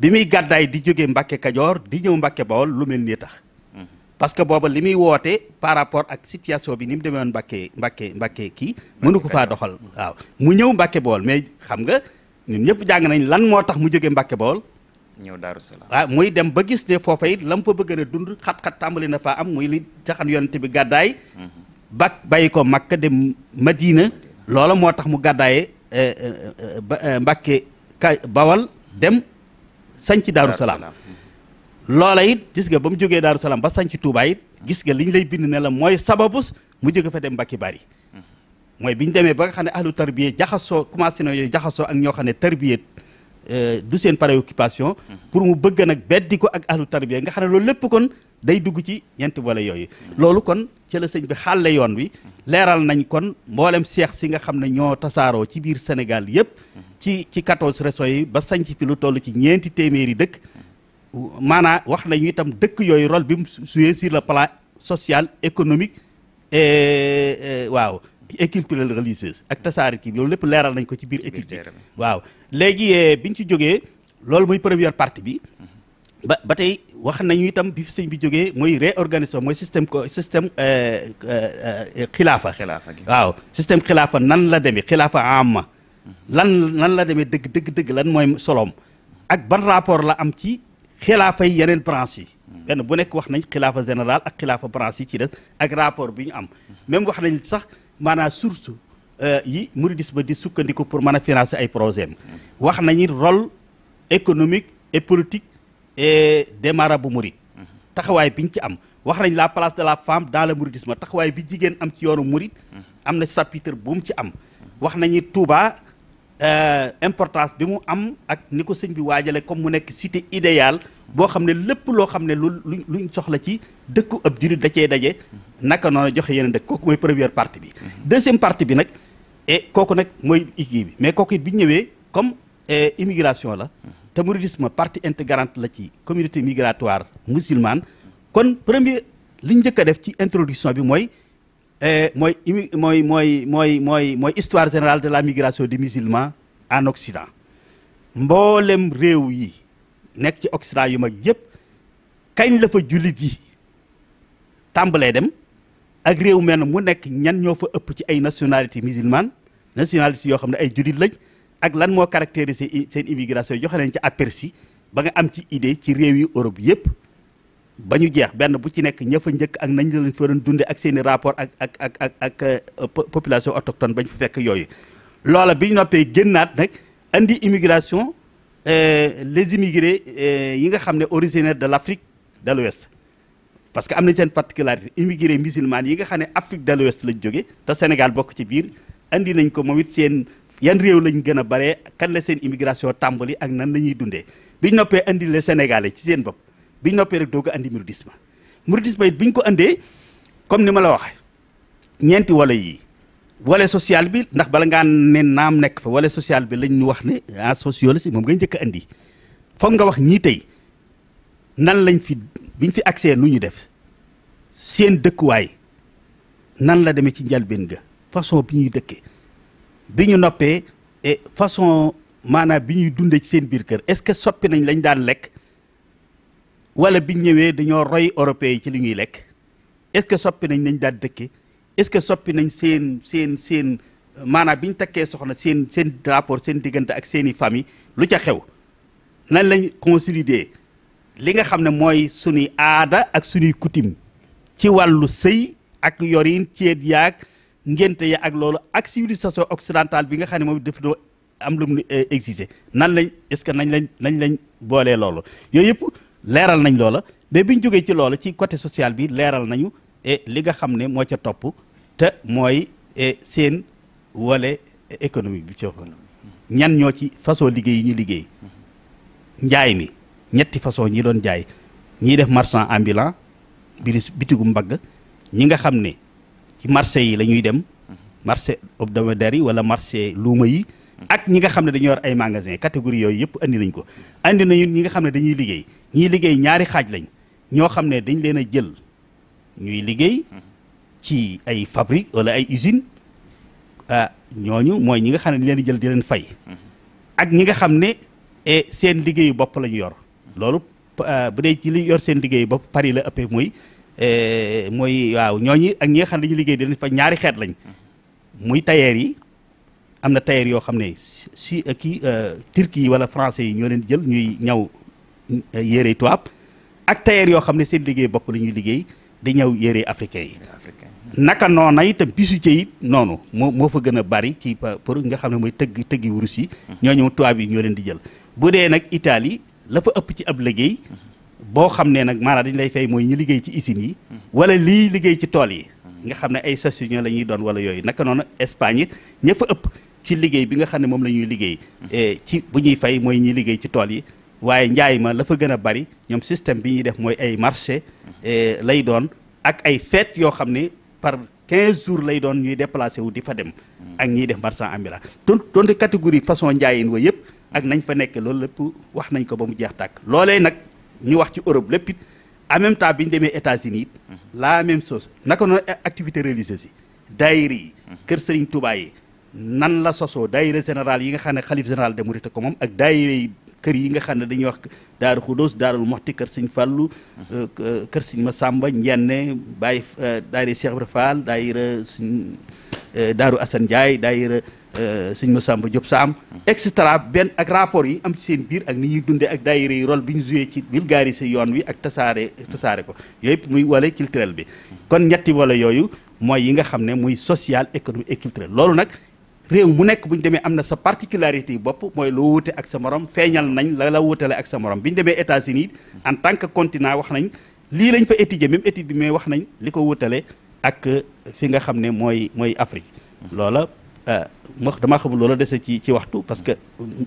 bi muy gàddaay di jóge Mbàkke Kajoor di ñëw Mbàkke Bawol lu mel nii tax parce que booba li muy woote par rapport ak situation bi ni mu demee woon Mbàkke Mbàkke Mbàkke kii mënu ko faa doxal waaw mu ñëw Mbàkke Bawol mais xam nga ñun ñëpp jàng nañ lan moo tax mu jóge Mbàkke Bawol ñëw Daaru Salaam waaw muy dem ba gis ne foofa it la mu fa bëgg a dund xat tàmbali na faa am muy li jaxan yonent bi gàddaay mhm. ba bàyyi ko Makka dem Madina loola moo tax mu gàddaayee eh, eh, eh, Mbàkke Bawol dem sañc daaru salaam loola it gis nga ba mu jógee daaru salaam ba sañc Touba it gis nga li ñu lay bind ne la mooy sababu mu jóge fa dem Mbacke Bari mooy bi ñu demee ba nga xam ne ahlu tarbiye jaxasoo commencé na jaxasoo ak ñoo xam ne tarbiye euh, du seen préoccupation mm-hmm. pour mu bëgg nag beddi ko ak ahlu tarbiye nga xam ne loolu lépp kon day dugg ci ñeenti boole yooyu loolu kon ci la sëñ bi xàlle yoon wi leeral nañ kon mboolem seex si nga xam ne ñoo tasaaroo ci biir Sénégal yëpp ci ci quatorze régions yi ba sañc fi lu toll ci ñeenti téeméeri dëkk maanaa wax nañu itam dëkk yooyu rôle bi mu joué sur le plan social économique et waaw et culturel religieuse ak tasaari kii loolu lépp leeral nañ ko ci biir étude bi waaw léegi eh, biñ ci jógee loolu muy première partie bi mm-hmm. ba ba tey wax nañu itam bi fi sëñ bi jógee mooy réorganisation mooy système ko système euh, euh, euh, xilaafa. xilaafa gi waaw système xilaafa nan la demee xilaafa amma mhm. lan nan la demee dëgg dëgg dëgg lan mooy soloom ak ban rapport la am ci xilaafa yeneen branches yi. benn mhm. bu nekk wax nañ xilaafa général ak xilaafa branche yi ci des ak rapport bi ñu am. Mhm. même wax nañ sax maanaam source yi dis mouridisme di sukkandiku pour mën a financer ay projet am. wax nañu rôle économique et politique. et bu marabouts mourides taxawaay biñ ci am wax nañ la place de la femme dans le mouridisme taxawaay bi jigéen am ci yoonu murid am na chapitre bu mu ci am wax nañu Touba euh, importance bi mu am ak ni ko sëñ bi waajale comme mu nekk cité idéale boo xam ne lépp loo xam ne lu lu luñ soxla ci dëkku ab jullit da cee daje naka noonu joxe yeneen dëkk kooku mooy première partie bi deuxième partie bi nag kooku nag mooy igii bi mais kooku it bi ñëwee comme euh, immigration la te mouridisme partie intégrante la ci communauté migratoire musulmane kon premier li ñu def ci introduction bi moy mooy moy moy moy moy histoire générale de la migration des musulmans en Occident mboolem rew yi nek ci Occident yu mag yëpp kañ la fa julit yi tambalé dem ak rew mel mu nek ñan ñoo fa ëpp ci ay nationalité musulmane nationalité yo xam ay julit lañ ak lan moo caractériser seen immigration joxe nañ ci aperçu ba nga am ci idée ci réew yi Europe yëpp ba ñu jeex benn bu ci nekk ña fa njëkk ak nañ lañ fa dundee ak seeni rapport ak ak ak ak ak euh, population autochtone bañ fa fekk yooyu. loola bi ñu noppee génnaat nag andi immigration euh, les immigrés euh, yi nga xam ne originaire de l' Afrique de l' Ouest parce que am nañ seen particularité immigré musulman yi nga xam ne Afrique de l'Ouest lañ jóge te Sénégal bokk ci biir andi nañ ko moom it seen. yan réew lañ gën a bare kan la seen immigration tàmbali ak nan la ñuy dundee biñ noppee andi le Sénégalais ci seen bopp biñ noppee rek doog a andi mouridisme mouridisme it biñ ko andee comme ni ma la waxee ñeenti wala yii volet social bi ndax bala ngaa ne naam nekk fa volet sociale bi lañ ñu wax ne ah si moom ngay njëkk a andi foog nga wax ñii tey nan lañ fi biñ fi accès nu ñu def seen dëkkuwaay nan la demee ci njalbeen ga façon bi ñuy dëkkee. bi ñu noppee et façon maanaam bi ñuy dundee ci seen biir kër est-ce que soppi nañ lañ daan lekk wala biñ ñëwee dañoo roy européens yi ci li ñuy lekk est-ce que soppi nañ lañ daan dëkkee est-ce que soppi nañ seen seen seen maanaam bi ñu takkee soxna seen seen rapport seen diggante ak seen i famille lu ca xew nan lañ consolider li nga xam ne mooy suñuy aada ak suñuy coutume ci wàllu sëy ak yorin ceet yaag ngénte ya ak loolu ak civilisation occidentale bi nga xam ne moom def noo am lu mu eh, exigé nan lañ est-ce que nañ lañ nañ lañ boolee loolu yooyu yëpp leeral nañ loola mais biñ jógee ci loola ci côté social bi leeral nañu eh, li nga xam ne moo ca topp te mooy eh, seen wole économique bi ci ñan ñoo ci façon liggéey yi ñu liggéey njaay mi ñetti façon ñi doon jaay ñiy def marchand ambulant biri bitigu mbagg ñi nga xam ne ci marché yi la ñuy dem marché hebdomadaire yi wala marché luuma yi ak ñi nga xam ne dañu yor ay magasin catégorie yooyu yëpp andi nañ ko andi nañu ñi nga xam ne dañuy liggéey ñiy liggéey ñaari xaaj lañ ñoo xam ne dañ leen a jël ñuy liggéey ci ay fabri wala ay usine ah ñooñu mooy ñi nga xam ne dañ leen jël di leen fay ak ñi nga xam ne e, seen liggéeyu bopp lañu yor loolu ah, bu dee ci li yor seen liggéeyu bopp pari la ëppee mooy Eh, mooy waaw ñooñi ak ñi nga xam ne dañuy liggéey dinañ fa ñaari xeet lañ muy tailleur yi am na tailleur yoo xam ne si eh, kii eh, turki yi wala français yi ñoo leen jël ñuy ñaw yére tubaab ak tailleur yoo xam ne seen liggéey bopp la liggéey di ñaw yére africain yi naka noona itam bijoutier yi noonu moo moo fa gën a bari ci pour nga xam ne mooy tëgg tëggi wurus mm-hmm. ñoo ñëw tuwaab yi ñoo leen di jël bu dee nag Italie la fa ëpp ci ab liggéey mm-hmm. boo xam ne nag maanaam dañ lay fay mooy ñi liggéey ci usines yi wala lii liggéey ci tool yi nga xam ne ay sasunion la ñuy doon wala yooyu naka noonu Espagne it ëpp ci liggéey bi nga xam ne moom la ñuy liggéey eh, ci bu ñuy fay mooy ñi liggéey ci tool yi waaye njaay ma la fa gën a bari ñoom système bi ñuy def mooy ay marché eh, lay doon ak ay fête yoo xam ne par 15 jours lay doon ñuy déplacé wu di fa dem ak ñiy def marchand ambulant ton donte catégorie façon njaayin wa yëpp ak nañ fa nekk loolu lépp wax nañ ko ba mu jeex tàkk loolee ñu wax ci Europe lépp it en même temps bi ñu demee États-Unis it mhm. la même chose naka noonu activité religieuse yi daayira mhm. kër Serigne Touba yi nan la sosoo daayira général yi nga xam ne xalif général de Mouride ko moom ak daayira kër yi nga xam ne dañuy wax Daaru Xudóos Daarul Moxti kër Sëñ Fallu mhm. euh, kër Sëñ Masamba Njenne Baye euh, daayira Cheikh Ibra Fall daayira Sëñ euh, Daaru Asan Njaay daayira Euh, sëñ Massamba Diop sa am et cetera benn ak rapport yi am ci seen biir ak ni ñuy dundee ak daayira yi rôle bi ñu joué ci vulgariser yoon wi ak tasaare tasaare ko yooyu yëpp muy volet culturel bi kon ñetti volet yooyu mooy yi nga xam ne muy social économique et culturel loolu nag réew mu nekk bu ñu demee am na sa particularité yi bopp mooy loo wute ak sa morom feeñal nañ la la wutale ak sa morom bi ñu demee États-Unis en tant que continent wax nañ lii lañ fa étudier même étude bi mais wax nañ li ko wutale ak fi nga xam ne mooy mooy Afrique Euh, ma damaa xamul loola dese ci ci waxtu parce que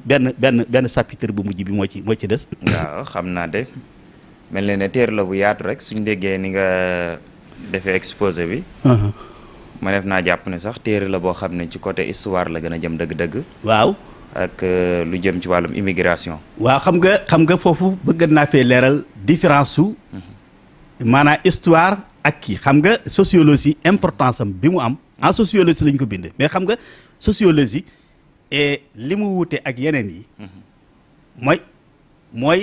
benn benn benn chapitre bu mujj bi moo ci moo ci des. waaw xam naa de mel na ne téere la bu yaatu rek suñ déggee ni nga defee exposé bi. Uh-huh. ma def naa jàpp ne sax téere la boo xam ne ci côté histoire la gën a jëm dëgg-dëgg. waaw. ak euh, lu jëm ci wàllum immigration. waaw xam nga xam nga foofu bëgg naa fee leeral différence su. Uh-huh. maanaa histoire ak kii xam nga sociologie importance am bi mu am. en sociologie lañ ko bind mais xam nga sociologie li mu wute ak yeneen yi mm-hmm. mooy mooy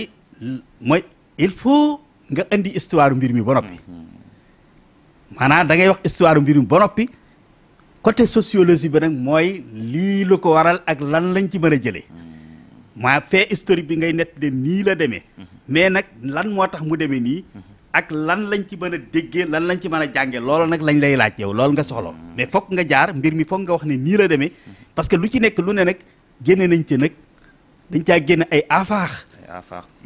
mooy il faut nga indi histoire mbir mi ba noppi mm-hmm. maanaam da ngay wax histoire mbir mi ba noppi côté sociologie bi nag mooy lii la ko waral ak lan lañ ci mën a jëlee mm-hmm. maa fait historique bi ngay nett de nii la demee mais nag lan moo tax mu demee nii ak lan lañ ci mën a déggee lan lañ ci mën a jàngee loolu nag lañ lay laaj yow loolu nga soxla mm-hmm. mais fokk nga jaar mbir mi fokk nga wax ni nii la demee mm-hmm. parce que lu ci nekk lu ne nag génne nañ ci nag dañ caa génn ay afaax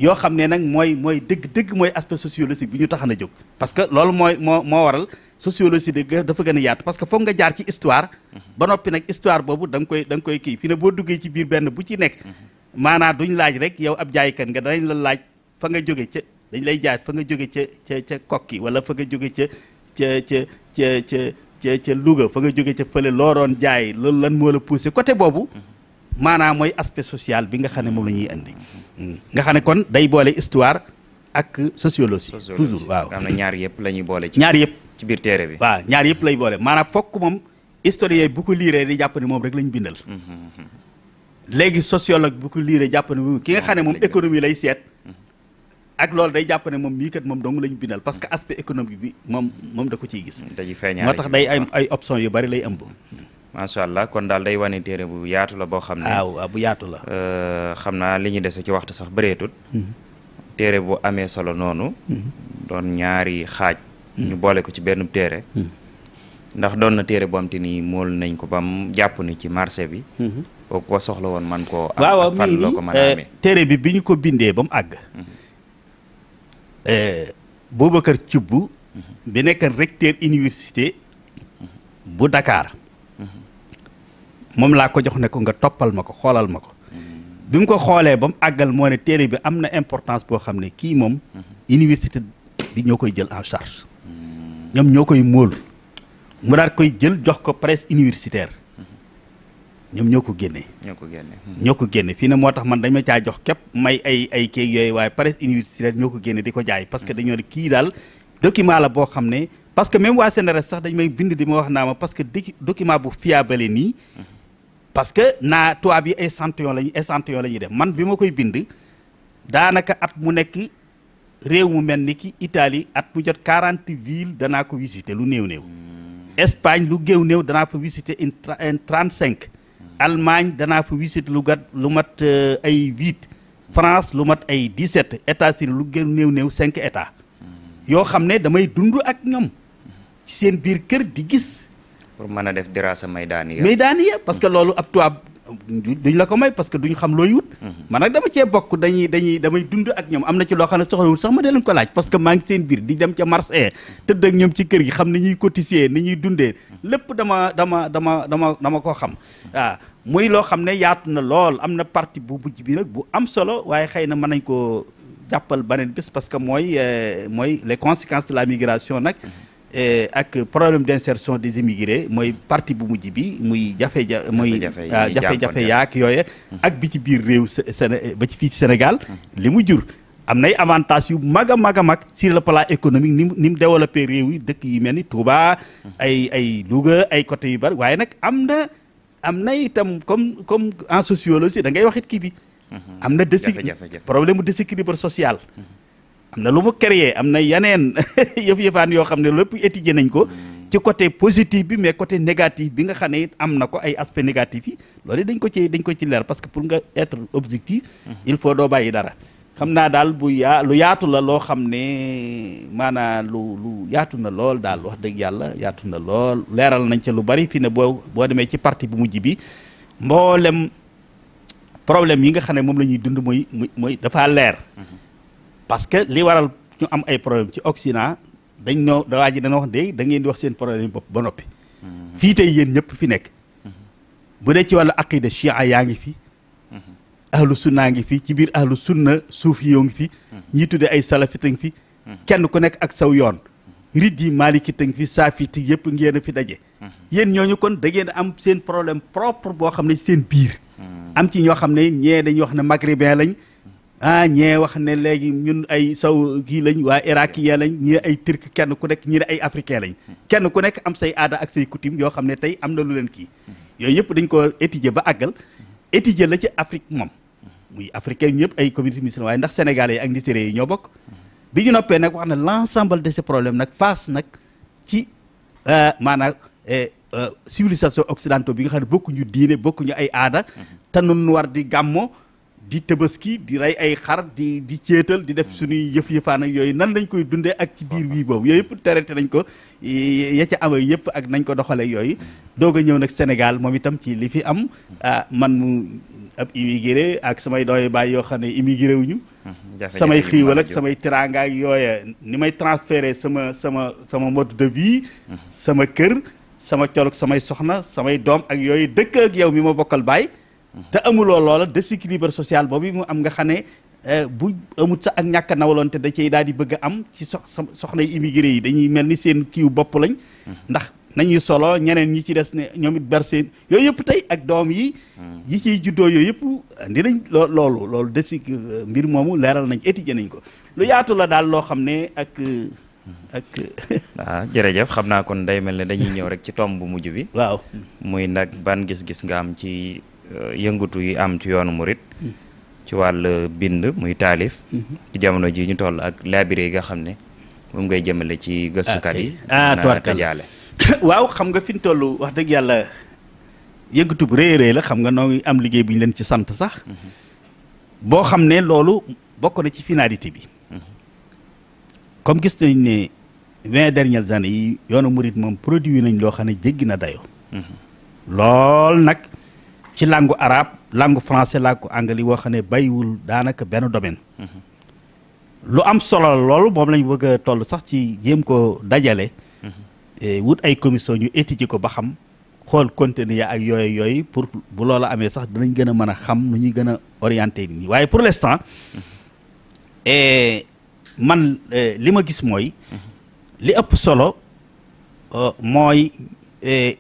yoo xam ne nag mooy mooy dëgg-dëgg mooy aspect sociologique bi ñu taxan a jóg parce que loolu mooy moo moo waral sociologie dëgg dafa gën a yaatu parce que foog nga jaar ci histoire mm-hmm. ba noppi nag histoire boobu danga koy da nga kii fi ne boo duggee ci biir benn bu ci nekk maanaam duñ laaj rek yow ab jaaykat nga danañ la laaj fa nga jóge ca dañ lay jaaj fa nga jóge ca ca ca kokki wala fa nga jóge ca ca ca ca ca ca ca Louga fa nga jóge ca fële loo doon jaay loolu lan moo la poussé côté boobu maanaam mooy aspect social bi nga xam ne moom la ñuy indi nga xam ne kon day boole histoire ak sociologie toujours waaw am na ñaar yëpp la ñuy boole ci ñaar yëpp ci biir téere bi waaw ñaar yëpp lay boole maanaam fokk moom historien bu ko liiree di jàpp moom rek la ñu bindal mm-hmm, mm-hmm. léegi sociologue bu ko liiree jàpp ne ki nga xam ne moom économie lay seet mm-hmm. ak loolu day jàpp ne moom mii kat moom dong la bindal parce que aspect économique bi moom moom da ko ciy gis. dañuy feeñaare moo tax day ay ay options yu bari lay ëmb. macha allah kon daal day wane téere bu yaatu la boo xam ne. waaw bu yaatu la. Euh, xam naa li ñu dese ci waxtu sax bëreetut. Mhm. téere boo amee solo noonu. Mhm. doon ñaari xaaj. Mhm. ñu boole ko ci benn téere. ndax doon na téere bu te ni mool nañ ko ba mu jàpp ni ci marché bi. boo ko soxla woon man koo. am loo ko mën euh, amee téere bi bi ñu ko bindee ba mu àgg. kër eh, Thioub bi nekk recteur université bu dakaar moom laa ko jox ne ko nga toppal ma ko xoolal ma ko bi mu ko xoolee ba mu àggal moo ne téere bi am na importance boo xam ne kii moom université bi ñoo koy jël en charge ñoom ñoo koy móol mu daal koy jël jox ko presse universitaire ñom ñoko guéné ñoko guéné ñoko guéné fi ko génne na moo man dañ ma caa jox képp may ay ay kéeg yoy way presse universitaire ñoko guéné diko jaay parce que dañu ne kii daal document la bo xamné parce que même wa CNRS sax dañ may bind di ma wax na ma parce que document bu fiable ni parce que na toa bi ay santion lañu santion lañu ñuy def man bima koy bind da naka at mu nekk réew mu melni ki Italie at mu jot 40 villes dana ko visiter lu néew néew Espagne lu géew néew dana fa visiter une trente Allemagne danaa fa wisit lu gat lu mat euh, ay huit France lu mat ay dix sept États-Unis lu gën néew néew cinq états yoo xam ne damay dund ak ñoom ci seen biir kër di gis. pour mën a def diraasa maydaaniya. maydaaniya parce que loolu ab tubaab duñ la ko may parce que duñ xam looy wut mhm. man nag dama cee bokk dañuy dañuy damay dund ak ñoom am na ci loo xam ne soxlawul sax ma dee leen ko laaj parce que maa ngi seen biir di dem ca marché tëdd ak ñoom ci kër gi xam ni ñuy cotiser ni ñuy dundee lépp dama dama dama dama dama ko xam waaw muy loo xam ne yaatu na lool am na partie bu bujj bi nag bu am solo waaye xëy na mën nañ koo jàppal beneen bés parce que mooy euh, mooy les conséquences de la migration nag mhm. Eh, ak problème d'insertion des immigrés moi partie bu mujj bi muy jafe ja mooy jafe-jafe ah, yaak yooye ak bi ci biir réew ba ci ci Sénégal hum. les mu jur am nay maga yu mag sur le plan économique nim mu ni développé réew yi dëkk yi mel Touba hum. ay ay Louga ay côté yu bari waaye nag am am comme comme en sociologie da ngay waxit kii bi am déséquilibre problème de déséquilibre social am na lu mu créer am na yeneen yëf-yëfaan yoo xam ne lépp étudier nañ ko ci côté positif bi mais côté négatif bi nga xam ne am na ko ay aspect négatif yi loolu dañ ko ci dañ ko ci leer parce que pour nga être objectif mhm. il faut doo bàyyi dara xam naa daal bu yaa lu yaatu la loo xam ne maanaam lu lu yaatu na lool daal wax dëgg yàlla yaatu na lool leeral nañ ca lu bari fii ne boo boo demee ci partie bu mujj bi mboolem problème yi nga xam ne moom la ñuy dund mooy mooy dafa leer mhm. parce que li waral ñu am ay problème ci Occident dañ noo dawaa ji dana wax de da ngeen di wax seen problème bopp ba noppi hmm. fii tey yéen ñëpp fi nekk hmm. bu dee ci wàllu aqida chia yaa ngi fi hmm. ahlu sunna ngi fi ci biir ahlu sunna suufi yoo ngi fi ñi tuddee ay salafita ngi fi kenn ku nekk ak saw yoon rit yi maaliki ta ngi fi saafiti yëpp ngeen a fi daje yéen ñooñu kon da ngeen am seen problème propre boo xam ne seen biir am ci ñoo xam ne ñee dañuy wax ne maghrébin lañ ah ñee wax ne léegi ñun ay saw kii lañ waa irakien lañ ñii ay turc kenn ku nekk ñii ay africain lañ kenn ku nekk am say aada ak say coutume yoo xam ne tey am na lu leen kii yooyu yëpp dañ ko étudier ba àggal étudier la ci Afrique moom muy africain ñëpp ay communauté musulmane waaye ndax sénégalais yi ak nigériens yi ñoo bokk bi ñu noppee nag wax na l'ensemble de se problème nag face nag ci euh, maanaam eh, euh, civilisation occidentale bi nga xam ne bokkuñu diine bokkuñu ay aada mm-hmm. te nun di gàmmo di tabaski di rey ay xar di di ceetal di def suñuy yëf yëfaan ak yooyu nan lañ koy dundee ak ci biir bii boobu yooyu yëpp traité nañ ko ya ca amee yëpp ak nañ ko doxalee yooyu doog a ñëw nag Sénégal moom itam ci li fi am ah man mu ab immigré ak samay dooy yoo xam ne immigré wuñu samay xiiwal ak samay teraanga ak ni may transféré sama sama sama mode de vie mhm. sama kër sama colog samay soxna samay doom ak yooyu dëkk ak yow mi ma bokkal baay te amuloo loola déséquilibre social boobu mu am nga xam ne eh, bu amut sax ak ñàkk a nawloonte da cay daal di bëgg a am ci sox soxna immigré yi dañuy mel ni seen kiiw bopp lañ. Mm-hmm. ndax nañuy solo ñeneen ñi ci des ne ñoom it ber seen yooyu yëpp tey ak doom yi. Mm-hmm. yi ciy juddoo yooyu yëpp andi nañ loo loolu loolu desi mbir moomu leeral nañ étudier nañ ko lu mm-hmm. yaatu la daal loo xam ne ak. ak. waaw ah, jërëjëf xam naa kon day mel ne dañuy ñëw rek ci tomb bu mujj bi. waaw muy nag ban gis-gis nga am ci. Euh, yëngatu yi am ci yoonu murit ci wàll bind muy taalif jamono ji ñu toll ak labiré yi nga xam ne moom ngay jëmale ci gëstukat yi ah, ah, tajaale waaw xam nga fi ñu toll wax dëgg yàlla yëngatu bu rëy rëy la xam nga noo am liggéey bi ñu leen ci sant sax boo xam ne loolu bokk na ci finalité bi comme gis nañ ne vingt dernières années yi yoonu murit moom produit nañ loo xam ne jéggi na dayo mhm. lool nag ci langue arabe langue français langue anglais woo xam ne bàyyiwul daanaka benn domaine. lu am solo la loolu moom lañ bëgg a toll sax ci jéem ko dajale. Mhm. Eh, wut ay commission ñu étudier ko ba xam xool contenu ak yooyu yooyu pour bu loola amee sax dinañ gën a mën a xam nu ñuy gën a orienté nit ñi waaye pour l'instant mhm. eh, man eh, li ma gis mooy mhm. li ëpp solo euh, mooy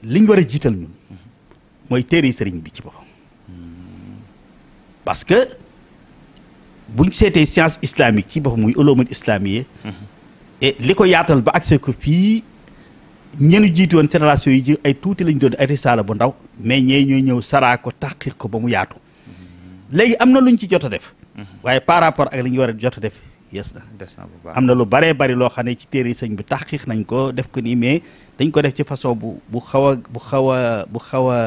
liñ war a jiital ñun. mooy téere sëriñ bi ci boppam parce que buñ seetee science islamique ci boppam muy ulumul islamiyé mhm. et li ko yaatal ba accès ko fii ñenu jiitu woon génération yi ji ay tuuti lañ doon ay risaala bu ndaw mais ñee ñoo ñëw saraako ko ko ba mu yaatu mhm. léegi am na luñ ci jot a def mhm. waaye par rapport ak li ñu war a jot a def yées na des na bu am na lu baree bari loo xam ne ci téere sëñ bi taxqiq nañ ko def ko nii mais dañ ko def ci façon bu bu xaw a bu xaw a bu xaw a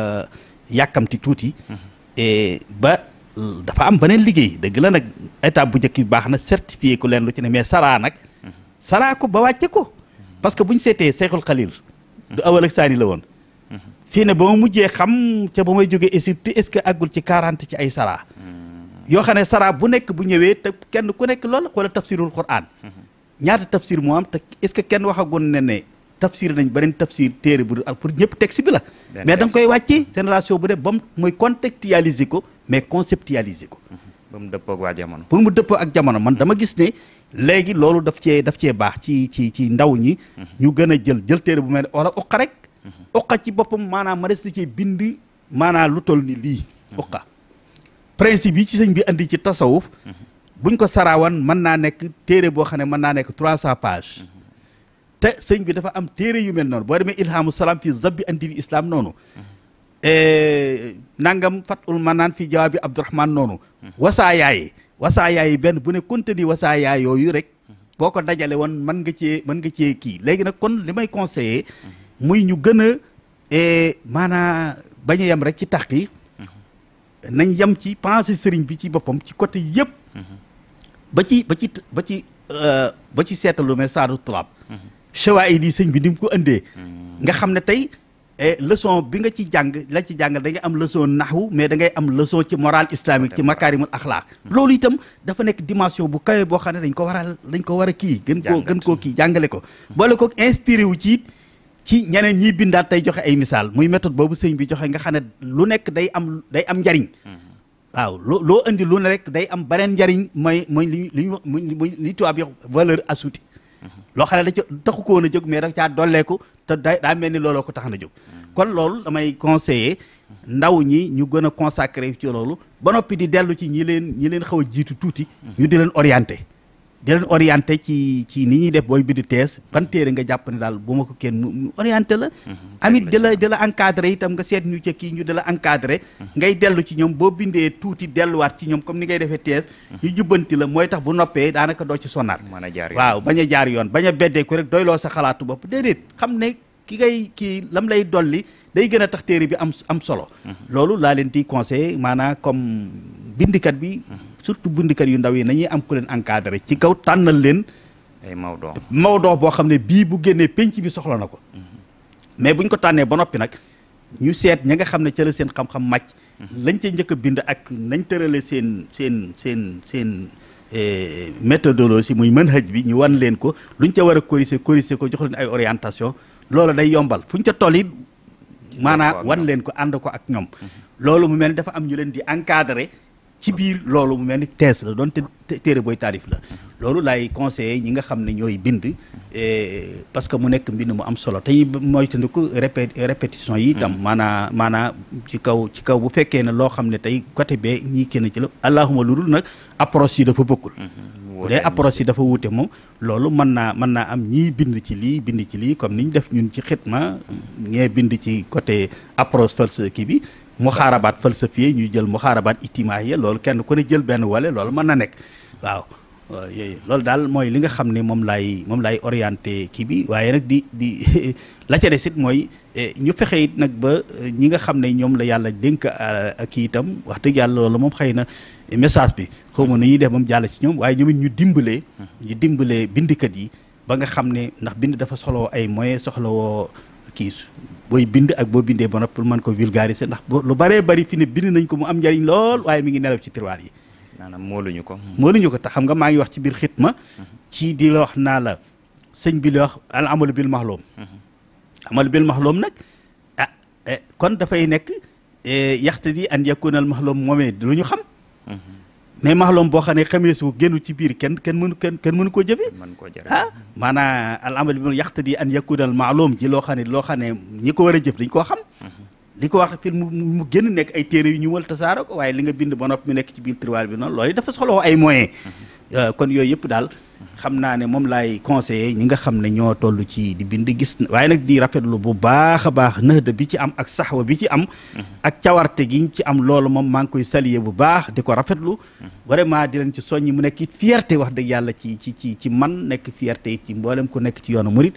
yàkkamti tuuti mhm. ba dafa am beneen liggéey dëgg la nag étape bu njëkk bi baax na certifié ko leen lu ci ne mais saraa nag mhm. saraa ko ba wàcce ko mhm. parce que bu ñu seetee Seyxul Xalil du awal ak saani la woon fii ne ba ma mujjee xam ca ba may jógee Égypte est-ce que ci quarante ci ay saraa yoo xam ne sara bu nekk bu ñëwee te kenn ku nekk lool wala tafsirul quran mhm. ñaata tafsir moo am te est-ce que kenn waxagoon ne ne tafsir nañ beneen tafsir téere bu ak pour ñëpp texte bi la mais da nga koy wàcce génération bu def ba mu mooy contextualiser ko mais conceptualiser ko mhm. ba mu dëppoo ak waa jamono pour mu dëppoo ak jamono man dama gis ne léegi loolu daf cee daf cee baax ci ci ci ndaw ñi mhm. ñu gën a jël jël téere bu mel ne wala uqa rek uqa ci boppam maanaam ma des na cee bind maanaa lu toll ni lii uqa principe yi ci sëñ bi andi ci tasawuf buñ ko wan mën naa nekk téere boo xam ne mën naa nekk trois cent page te sëñ bi dafa am téere yu mel noonu boo demee ilhamu salaam fii zabbi andil islam noonu e, nangam fatul manaan fii jawaabi abdourahman noonu wasaa yaaye wasaa yaaye benn bu ne contenu wasaa yaay yooyu rek boo ko dajale woon man nga cee mën nga cee kii léegi nag kon li may conseillé muy ñu gën a e, maanaa bañ a yem rek ci tax yi nañ yem ci pensé sëriñ bi ci boppam ci côté yëpp. ba ci ba ci ba ci euh, ba ci seetalu mel saadu tulaab. shawaahid yi sëñ bi ni mu ko indee. nga xam ne tey eh, leçon bi nga ci jàng la ci jàngal da ngay am leçon naxwu mais da ngay am leçon ci morale islamique ci makaarimul axlaaq loolu itam dafa nekk dimension bu kawe boo xam ne dañ ko waral dañ ko war a kii. gën koo gën koo kii jàngale ko. boole kook inspiré wu ci it ci ñeneen ñiy bindaat tey joxe ay misaal muy méthode boobu sëñ bi joxe nga xam ne lu nekk day am day am njariñ waaw loo loo indi lu ne rek day am beneen njariñ mooy mooy li li ñu li tubaab yox valeur ajoutée loo xam ne da taxu koo woon a jóg mais da caa dolleeku te da daa mel ni looloo ko tax na jóg kon loolu damay conseiller ndaw ñi ñu gën a consacré ci loolu ba noppi di dellu ci ñii leen ñi leen xaw a jiitu tuuti ñu di leen orienté di oriente ci ci ni ñuy def booy bindu tees ban téere nga jàpp ne daal bu ma ko kenn mu la mhm. amit di la di la encadré itam nga seet ñu ca kii ñu di la encadré mhm. ngay dellu ci ñoom boo bindee tuuti delluwaat ci ñoom comme ni ngay defee thèse mhm. ñu jubbanti la mooy tax bu noppee daanaka doo ci sonaat waaw bañ a jaar yoon bañ a beddee ko rek doy loo sa xalaatu bopp déedéet xam ne ki ngay ki lam lay dolli day gën a tax téere bi am am solo loolu laa leen di conseillé maanaam comme bindikat surtout bindikat yu ndaw yi nañuy am ku leen encadré ci kaw tànnal leen. ay Maodo Maodo boo xam ne bii bu génnee penc bi soxla na ko. Mhm. mais buñ ko tànnee ba noppi nag ñu seet ña nga xam ne ca seen xam-xam màcc. Mhm. lañ ca njëkk a bind ak nañ tërale seen seen seen seen. Eh, méthodologie muy manhaj bi ñu wan leen ko lu luñ ca war a corriger corriger ko jox leen ay orientation loolu day yombal fuñ ca toll it maanaa wan leen ko ànd ko ak ñoom mhm. loolu mu mel ni dafa am ñu leen di encadrer ci biir loolu mu mel ni thèse la doon te téere booy taarif la loolu laay conseillé ñi nga xam ne ñooy bind eh, parce que mu nekk mbind mu am solo tey mooy tandiku répé répétition yi itam mm-hmm. maanaa maanaa ci kaw ci kaw bu fekkee ne loo xam ne tey côté bee ñii kenn ci la allahuma lu dul nag approche yi dafa bokkul mm-hmm. bu dee approche yi dafa wuute moom loolu mën naa mën naa am ñii bind ci lii bind ci lii comme ni ñu def ñun ci xitma mm-hmm. ñee bind ci côté approche false kii bi muxaarabaat falsafiye ñu jël muxaarabaat itimahiya loolu kenn ku ne jël benn wale loolu mën na nekk waaw euh, yooyu loolu daal mooy li nga xam ne moom laay moom laay orienté kii bi waaye nag di di la ca des mooy e, ñu fexe it nag ba e, ñi nga xam ne ñoom la yàlla dénk kii itam wax dëgg yàlla loolu moom xëy na message bi xaw ma nu ñuy def moom jàll ci ñoom waaye ñoom ñu dimbalee hmm. ñu dimbalee bindikat yi ba nga xam ne ndax bind dafa soxlawoo ay moyens soxlawoo kiis booy bind ak boo bindee ba noppi pour mën ko vulgariser ndax lu baree bari fi ne bind nañ ko mu am njariñ lool waaye mi ngi nelaw ci tiroir yi maanaam mooluñu ko mooluñu ko te xam nga maa ngi wax ci biir xitma mhm. ci di la wax naa la sëñ bi la wax al amalu bil maxloom mhm. amalu bil maxloom nag ah eh, kon dafay nekk eh, yaxta di an yakuna al maxloom moomee lu ñu xam mhm. mais maxlom boo xam ne xamee su génnu ci biir kenn kenn mënu kenn kenn mënu koo jëfee ah maanaam al amal bi mu yaqtadi an yakunal maalum ji loo xam ne loo xam ne ñi ko war a jëf dañ koo xam mhm. li ko wax fil mu mu génn nekk ay téere yu ñu wal tasaaro ko waaye li nga bind ba nopp mu nekk ci biir tiroir bi noonu loolu dafa soxla ay moyens mhm. euh, kon yooyu yëpp daal xam naa ne moom laay conseiller ñi nga xam ne ñoo tollu ci di bind gis waaye nag di rafetlu bu baax a baax nëxda bi ci am ak saxwa bi ci am ak cawarte gi ci am loolu moom maa ngi koy saluer bu baax di ko rafetlu vraiment di leen ci soññ mu nekk fierté wax dëgg yàlla ci ci ci ci man nekk fierte it ci mbooleem ku nekk ci yoonu murit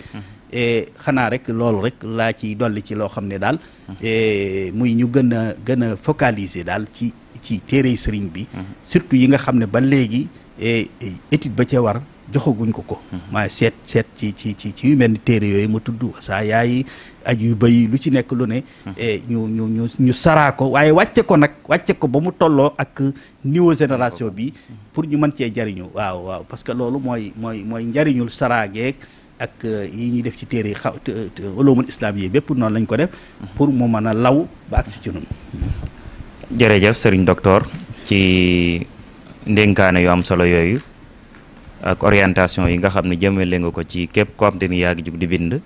xanaa rek loolu rek laa ciy dolli ci loo xam ne daal muy ñu gën a gën a focaliser daal ci ci téere sëriñ bi surtout yi nga xam léegi E, e, étude ba cee war joxaguñ ko ko. Mhm. maa seet seet ci ci ci ci yu mel ni téere yooyu ma tudd saa yaay aj yu bëy lu ci nekk lu ne. Mhm. E, ñu ñu ñu saraa ko waaye wàcce ko nag wàcce ko ba mu tolloo ak niveau génération bi pour ñu mën cee jariñu waaw waaw parce que loolu mooy mooy mooy njariñul saraa geeg ak yi ñuy def ci téere yi xaw ulumul islam yi bépp noonu lañ ko def. Mhm. pour mu mën a law ba agsi ci ñun. jërëjëf sëriñ docteur ci. ndénkaane yu am solo yooyu ak orientation yi nga xam ne jëmale nga ko ci képp koo xam te ni yaa ngi jug di bind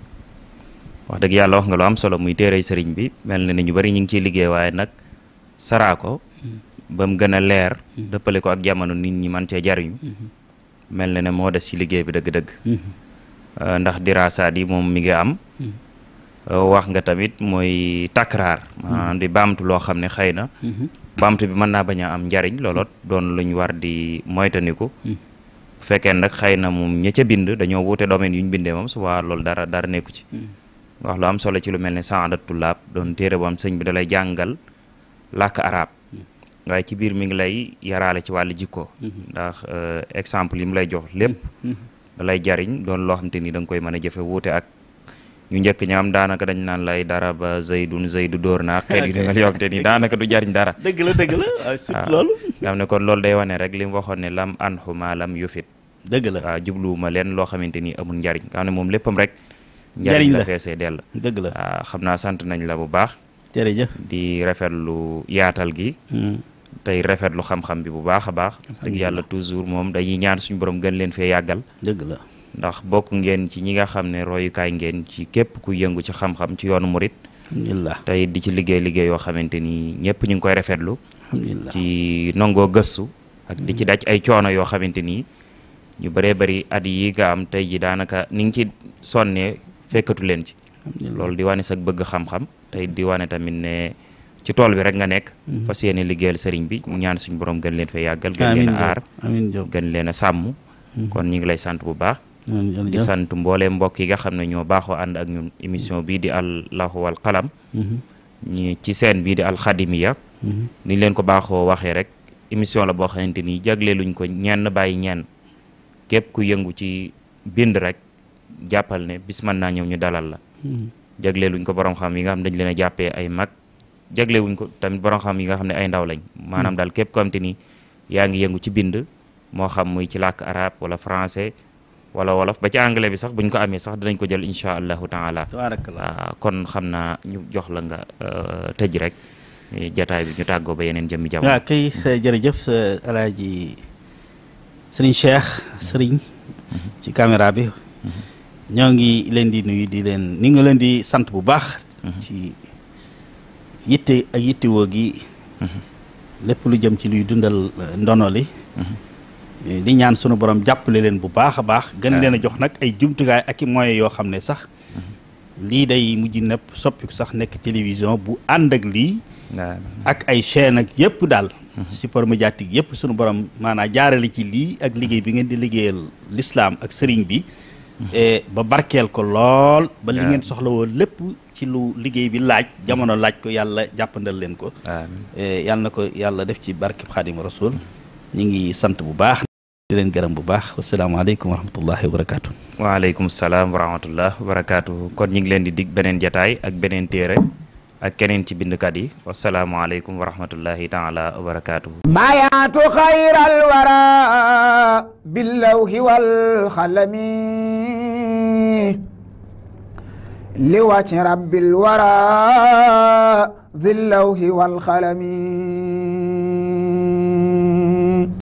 wax dëgg yàlla wax nga lu am solo muy téere sëriñ bi mel na ni ñu bari ñu ngi ciy liggéey waaye nag saraa mm-hmm. ba mu gën a leer mm-hmm. dëppale ko ak jamono nit ñi man cee jariñu mm-hmm. mel na ne moo des ci liggéey bi dëgg-dëgg uh, ndax diraasaat yi moom mi ngi am uh, wax nga tamit mooy takraar maanaam di baamtu loo xam ne xëy na baamtu bi mën naa bañ a am njariñ looloot doon luñ war di moytandiku. Hmm. bu fekkee nag xëy na moom ña ca bind dañoo wuute domaine yu ñu bindee moom subaa loolu dara dara nekku ci. Hmm. wax lu am solo ci lu mel ne saada tullaab doon téere boo am sëñ bi dalay jàngal làkk arab hmm. waaye ci biir mi ngi lay yaraale ci wàllu jikko. ndax euh, exemple yi mu lay jox lépp. da jariñ doon loo xam te ni da koy mën a jëfe wuute ak. ñu ñëk ñam am daanaka dañ naan lay dara ba zaydun zaydu dóor naa xeet yi nga yokk te nii daanaka du jariñ dara dëgg la dëgg la ah, waaw ah, lool nga ne kon lool day wone rek lim waxone ne lam anhu ma lam yufit dëgg ah, la waaw jubluwuma leen loo xamante ni amul jariñ nga xam ne moom léppam rek jariñ la fessé del dëgg la waaw sant nañ la bu baax jërëjëf di rafetlu yaatal gi hmm. tey rafetlu xam-xam bi bu baax baax dëgg yalla toujours mom dañuy ñaan suñu borom gën leen fe yagal deug la ndax bokk ngeen ci ñi nga xam ne royukaay ngeen ci képp ku yëngu ci xam-xam ci yoonu murit alhamdulillah tey di ci liggéey liggéey yoo xamante ni ñëpp ñu ngi koy rafetlu alhamdulillah ci nangoo gëstu ak di ci mm. daj ay coono yoo xamante ni ñu bare bëri at yi nga am tey ji daanaka ni ngi ci sonnee fekkatu leen ci loolu di wane sag bëgg xam-xam tey di wane tamit ne ci tool bi rek nga nekk mm-hmm. fas yéene liggéeyal sëriñ bi ñaan suñ borom gën leen fa yàggal gën leen aar gën leen a sàmm mm-hmm. kon ñu ngi lay sant bu baax di sant mbolé mbokk yi nga xamné ño baxo and ak ñun émission bi di allahu wal qalam mhm. ñi ci seen bi di khadimiya mhm. ni leen ko baxo waxé rek émission la bo xamante ni luñ ko ñenn bay ñenn képp ku yëngu ci bind rek jappal ne bis mën naa ñu dalal la mhm. luñ ko borom xam yi nga xam dañ leena jappé ay mag wuñ ko tamit borom xam yi nga xamné ay ndaw lañ manam dal képp ko xamante ni yaangi yëngu ci bind mo xam muy ci lak arab wala français wala wolof ba ci anglais bi sax buñ ko amé sax dinañ ko jël inshallah taala ah, kon xamna ñu jox la nga eh, tejj rek jotaay bi ñu taggo ba yenen jëmmi jamm waaw nah, kay eh, jërëjëf alaaji serigne cheikh serigne ci caméra bi ñoo ngi leen di nuyu di leen ni nga leen di sante bu baax ci yitte eh, ak wo gi mhm. lepp lu jëm ci luy dundal li mhm di ñaan suñu borom jappale leen bu baaxa baax gën ah. leen jox nak ay jumtukaay ak moye yo xamne sax mm-hmm. li day mujj nepp soppi sax nek télévision bu and ak li ah. ak ay chaîne ak yépp daal mm-hmm. support médiatique yépp suñu borom mana jaarale ci li ak liggéey bi ngeen di liggéeyal l'islam ak sëriñ bi mm-hmm. ba barkel ko lol ba li ah. ngeen soxla wo lepp ci lu liggey bi laaj jamono laaj ko yalla jappandal len ko e yalla nako yalla def ci khadim rasul ñi ngi sante bu baax di len gërëm bu baax alaykum wa rahmatullahi wa wa alaykum assalam wa rahmatullahi wa barakatuh kon ñu ngi leen di dig benen jotaay ak benen téré ak keneen ci bindkat yi alaykum wa rahmatullahi taala wa barakatuh bayatu xayral wara billahi wal khalami li wàcc rabbil wara zillawhi wal khalami